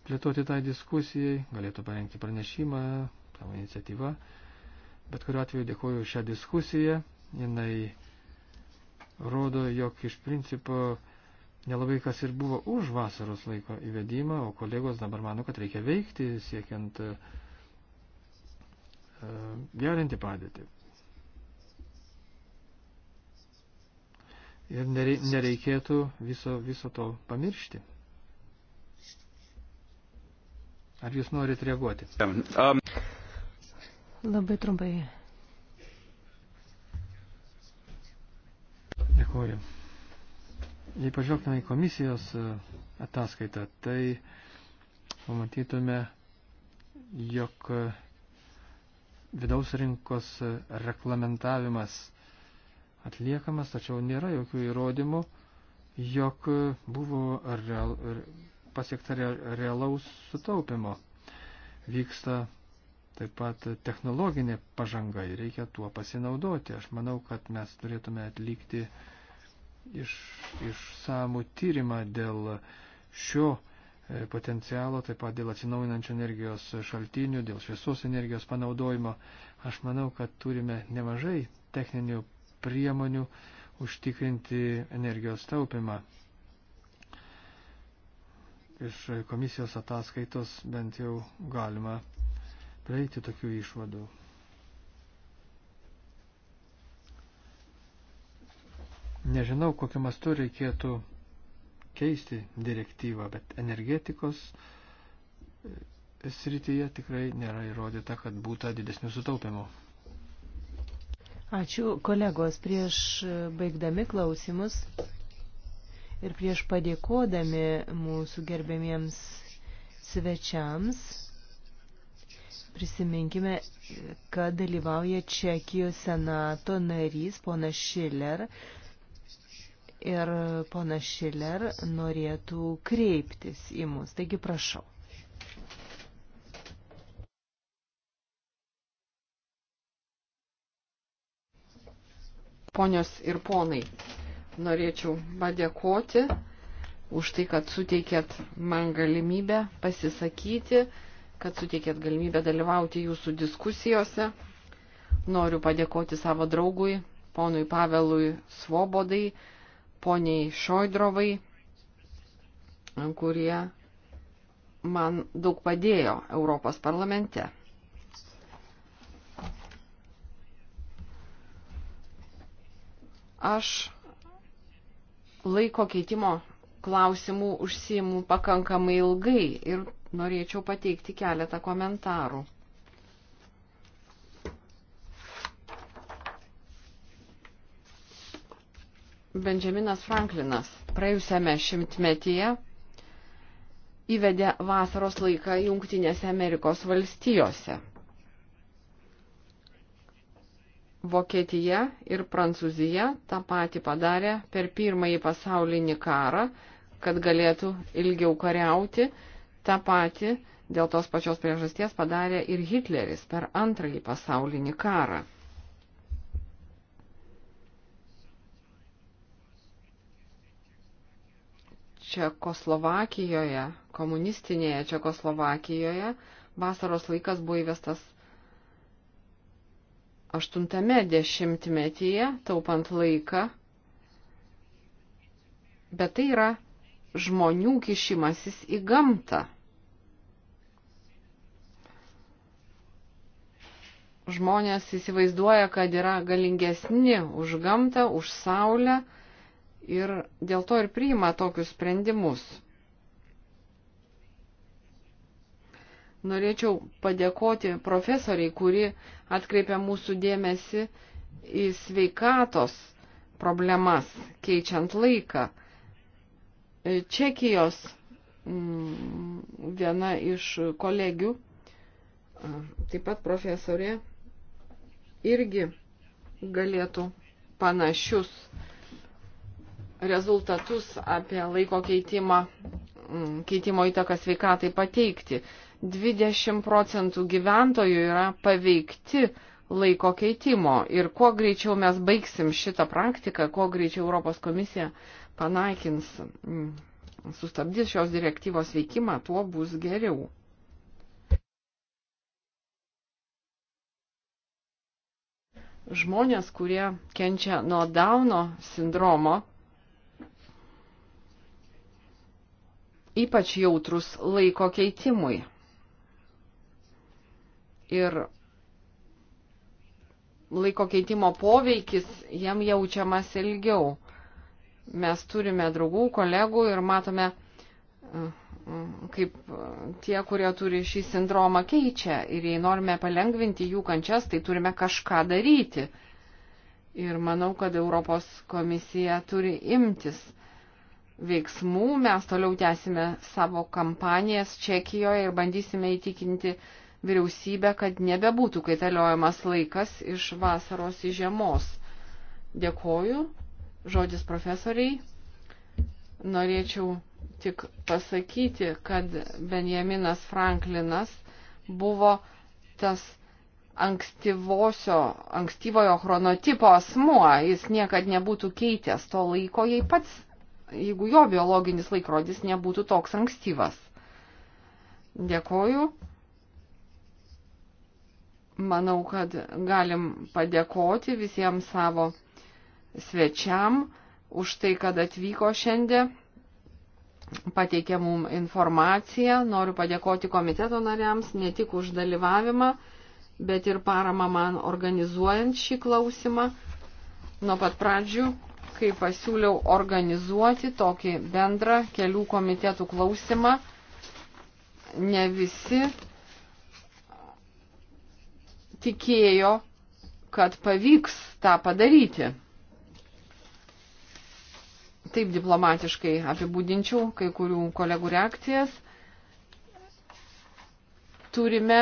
plėtoti tai diskusijai, galėtų parengti pranešimą, savo iniciatyvą. Bet kuriuo atveju dėkuoju šią diskusiją, jinai rodo, jog iš principo nelabai kas ir buvo už vasaros laiko įvedimą, o kolegos dabar mano, kad reikia veikti, siekiant uh, gerinti padėtį. Ir nereikėtų viso, viso to pamiršti. Ar jūs norit reaguoti? Um, um, Labai trumpai Dėkuoju. Jei pažvelgtume į komisijos e, ataskaitą, tai pamatytume, jog e, vidaus rinkos e, reglamentavimas atliekamas, tačiau nėra jokių įrodymų, jog buvo real, pasiekta realaus sutaupimo. Vyksta taip pat technologinė pažanga ir reikia tuo pasinaudoti. Aš manau, kad mes turėtume atlikti uh, iš, išsamų tyrimą dėl šio e, potencialo, taip pat dėl atsinaujinančių energijos šaltinių, dėl šviesos energijos panaudojimo. Aš manau, kad turime nemažai techninių priemonių užtikrinti energijos taupimą. Iš komisijos ataskaitos bent jau galima prieiti tokių išvadų. Nežinau, kokiu mastu reikėtų keisti direktyvą, bet energetikos e, srityje tikrai nėra įrodyta, kad būtų didesnių sutaupimų. Ačiū kolegos, prieš baigdami klausimus ir prieš padėkodami mūsų gerbėmiems svečiams, prisiminkime, kad dalyvauja Čekijos senato narys ponas Šiler, ir pana Šiler norėtų kreiptis į mus. Taigi prašau. Ponios ir ponai, norėčiau padėkoti už tai, kad suteikėt man galimybę pasisakyti, kad suteikėt galimybę dalyvauti jūsų diskusijose. Noriu padėkoti savo draugui, ponui Pavelui Svobodai, poniai Šoidrovai, kurie man daug padėjo Europos parlamente. Aš laiko keitimo klausimų užsiimu pakankamai ilgai ir norėčiau pateikti keletą komentarų. Benjaminas Franklinas praėjusiame šimtmetyje įvedė vasaros laiką Junktinėse Amerikos valstijose. Vokietija ir Prancūzija tą patį padarė per pirmąjį pasaulinį karą, kad galėtų ilgiau kariauti. Ta pati dėl tos pačios priežasties padarė ir Hitleris per antrąjį pasaulinį karą. Čekoslovakijoje, komunistinėje Čekoslovakijoje, vasaros laikas buvo įvestas 80-ame dešimtmetyje, taupant laiką. Bet tai yra žmonių kišimasis į gamtą. Žmonės įsivaizduoja, kad yra galingesni už gamtą, už saulę ir dėl to ir priima tokius sprendimus. Norėčiau padėkoti profesoriai, kuri atkreipia mūsų dėmesį į sveikatos problemas, keičiant laiką. Čekijos mm, viena iš kolegių, taip pat profesorė, irgi galėtų panašius rezultatus apie laiko keitimą, mm, keitimo įtaką sveikatai pateikti. 20 procentų gyventojų yra paveikti laiko keitimo ir kuo greičiau mes baigsim šitą praktiką, kuo greičiau Europos komisija panaikins, mm, sustabdys šios direktyvos veikimą, tuo bus geriau. Žmonės, kurie kenčia nuo Dauno sindromo, ypač jautrus laiko keitimui. Ir laiko keitimo poveikis jam jaučiamas ilgiau. Mes turime draugų, kolegų ir matome, kaip tie, kurie turi šį sindromą, keičia. Ir jei norime palengvinti jų kančias, tai turime kažką daryti. Ir manau, kad Europos komisija turi imtis veiksmų. Mes toliau tęsime savo kampanijas Čekijoje ir bandysime įtikinti vyriausybę, kad nebebūtų kaitaliojamas laikas iš vasaros į žiemos. Dėkoju. Žodis profesoriai. Norėčiau tik pasakyti, kad Benjaminas Franklinas buvo tas ankstyvojo chronotipo asmuo. Jis niekad nebūtų keitęs to laiko, jei pats jeigu jo biologinis laikrodis nebūtų toks ankstyvas. Dėkoju. Manau, kad galim padėkoti visiems savo svečiam už tai, kad atvyko šiandien, pateikė mum informaciją. Noriu padėkoti komiteto nariams ne tik už dalyvavimą, bet ir paramą man organizuojant šį klausimą. Nuo pat pradžių kai pasiūliau organizuoti tokį bendrą kelių komitetų klausimą, ne visi tikėjo, kad pavyks tą padaryti. Taip diplomatiškai apibūdinčiau kai kurių kolegų reakcijas. Turime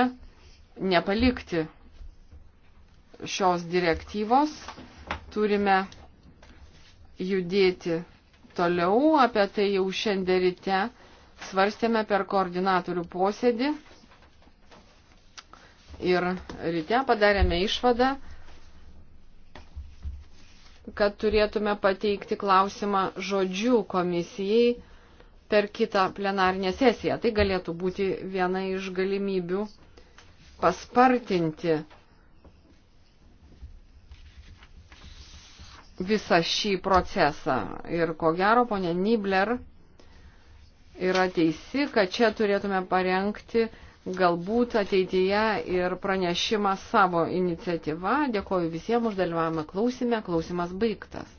nepalikti šios direktyvos, turime judėti toliau, apie tai jau šiandien ryte svarstėme per koordinatorių posėdį ir ryte padarėme išvadą, kad turėtume pateikti klausimą žodžių komisijai per kitą plenarinę sesiją. Tai galėtų būti viena iš galimybių paspartinti visą šį procesą. Ir ko gero, ponė Nibler yra teisi, kad čia turėtume parengti galbūt ateityje ir pranešimą savo iniciatyvą. Dėkoju visiems už dalyvavimą klausime. Klausimas baigtas.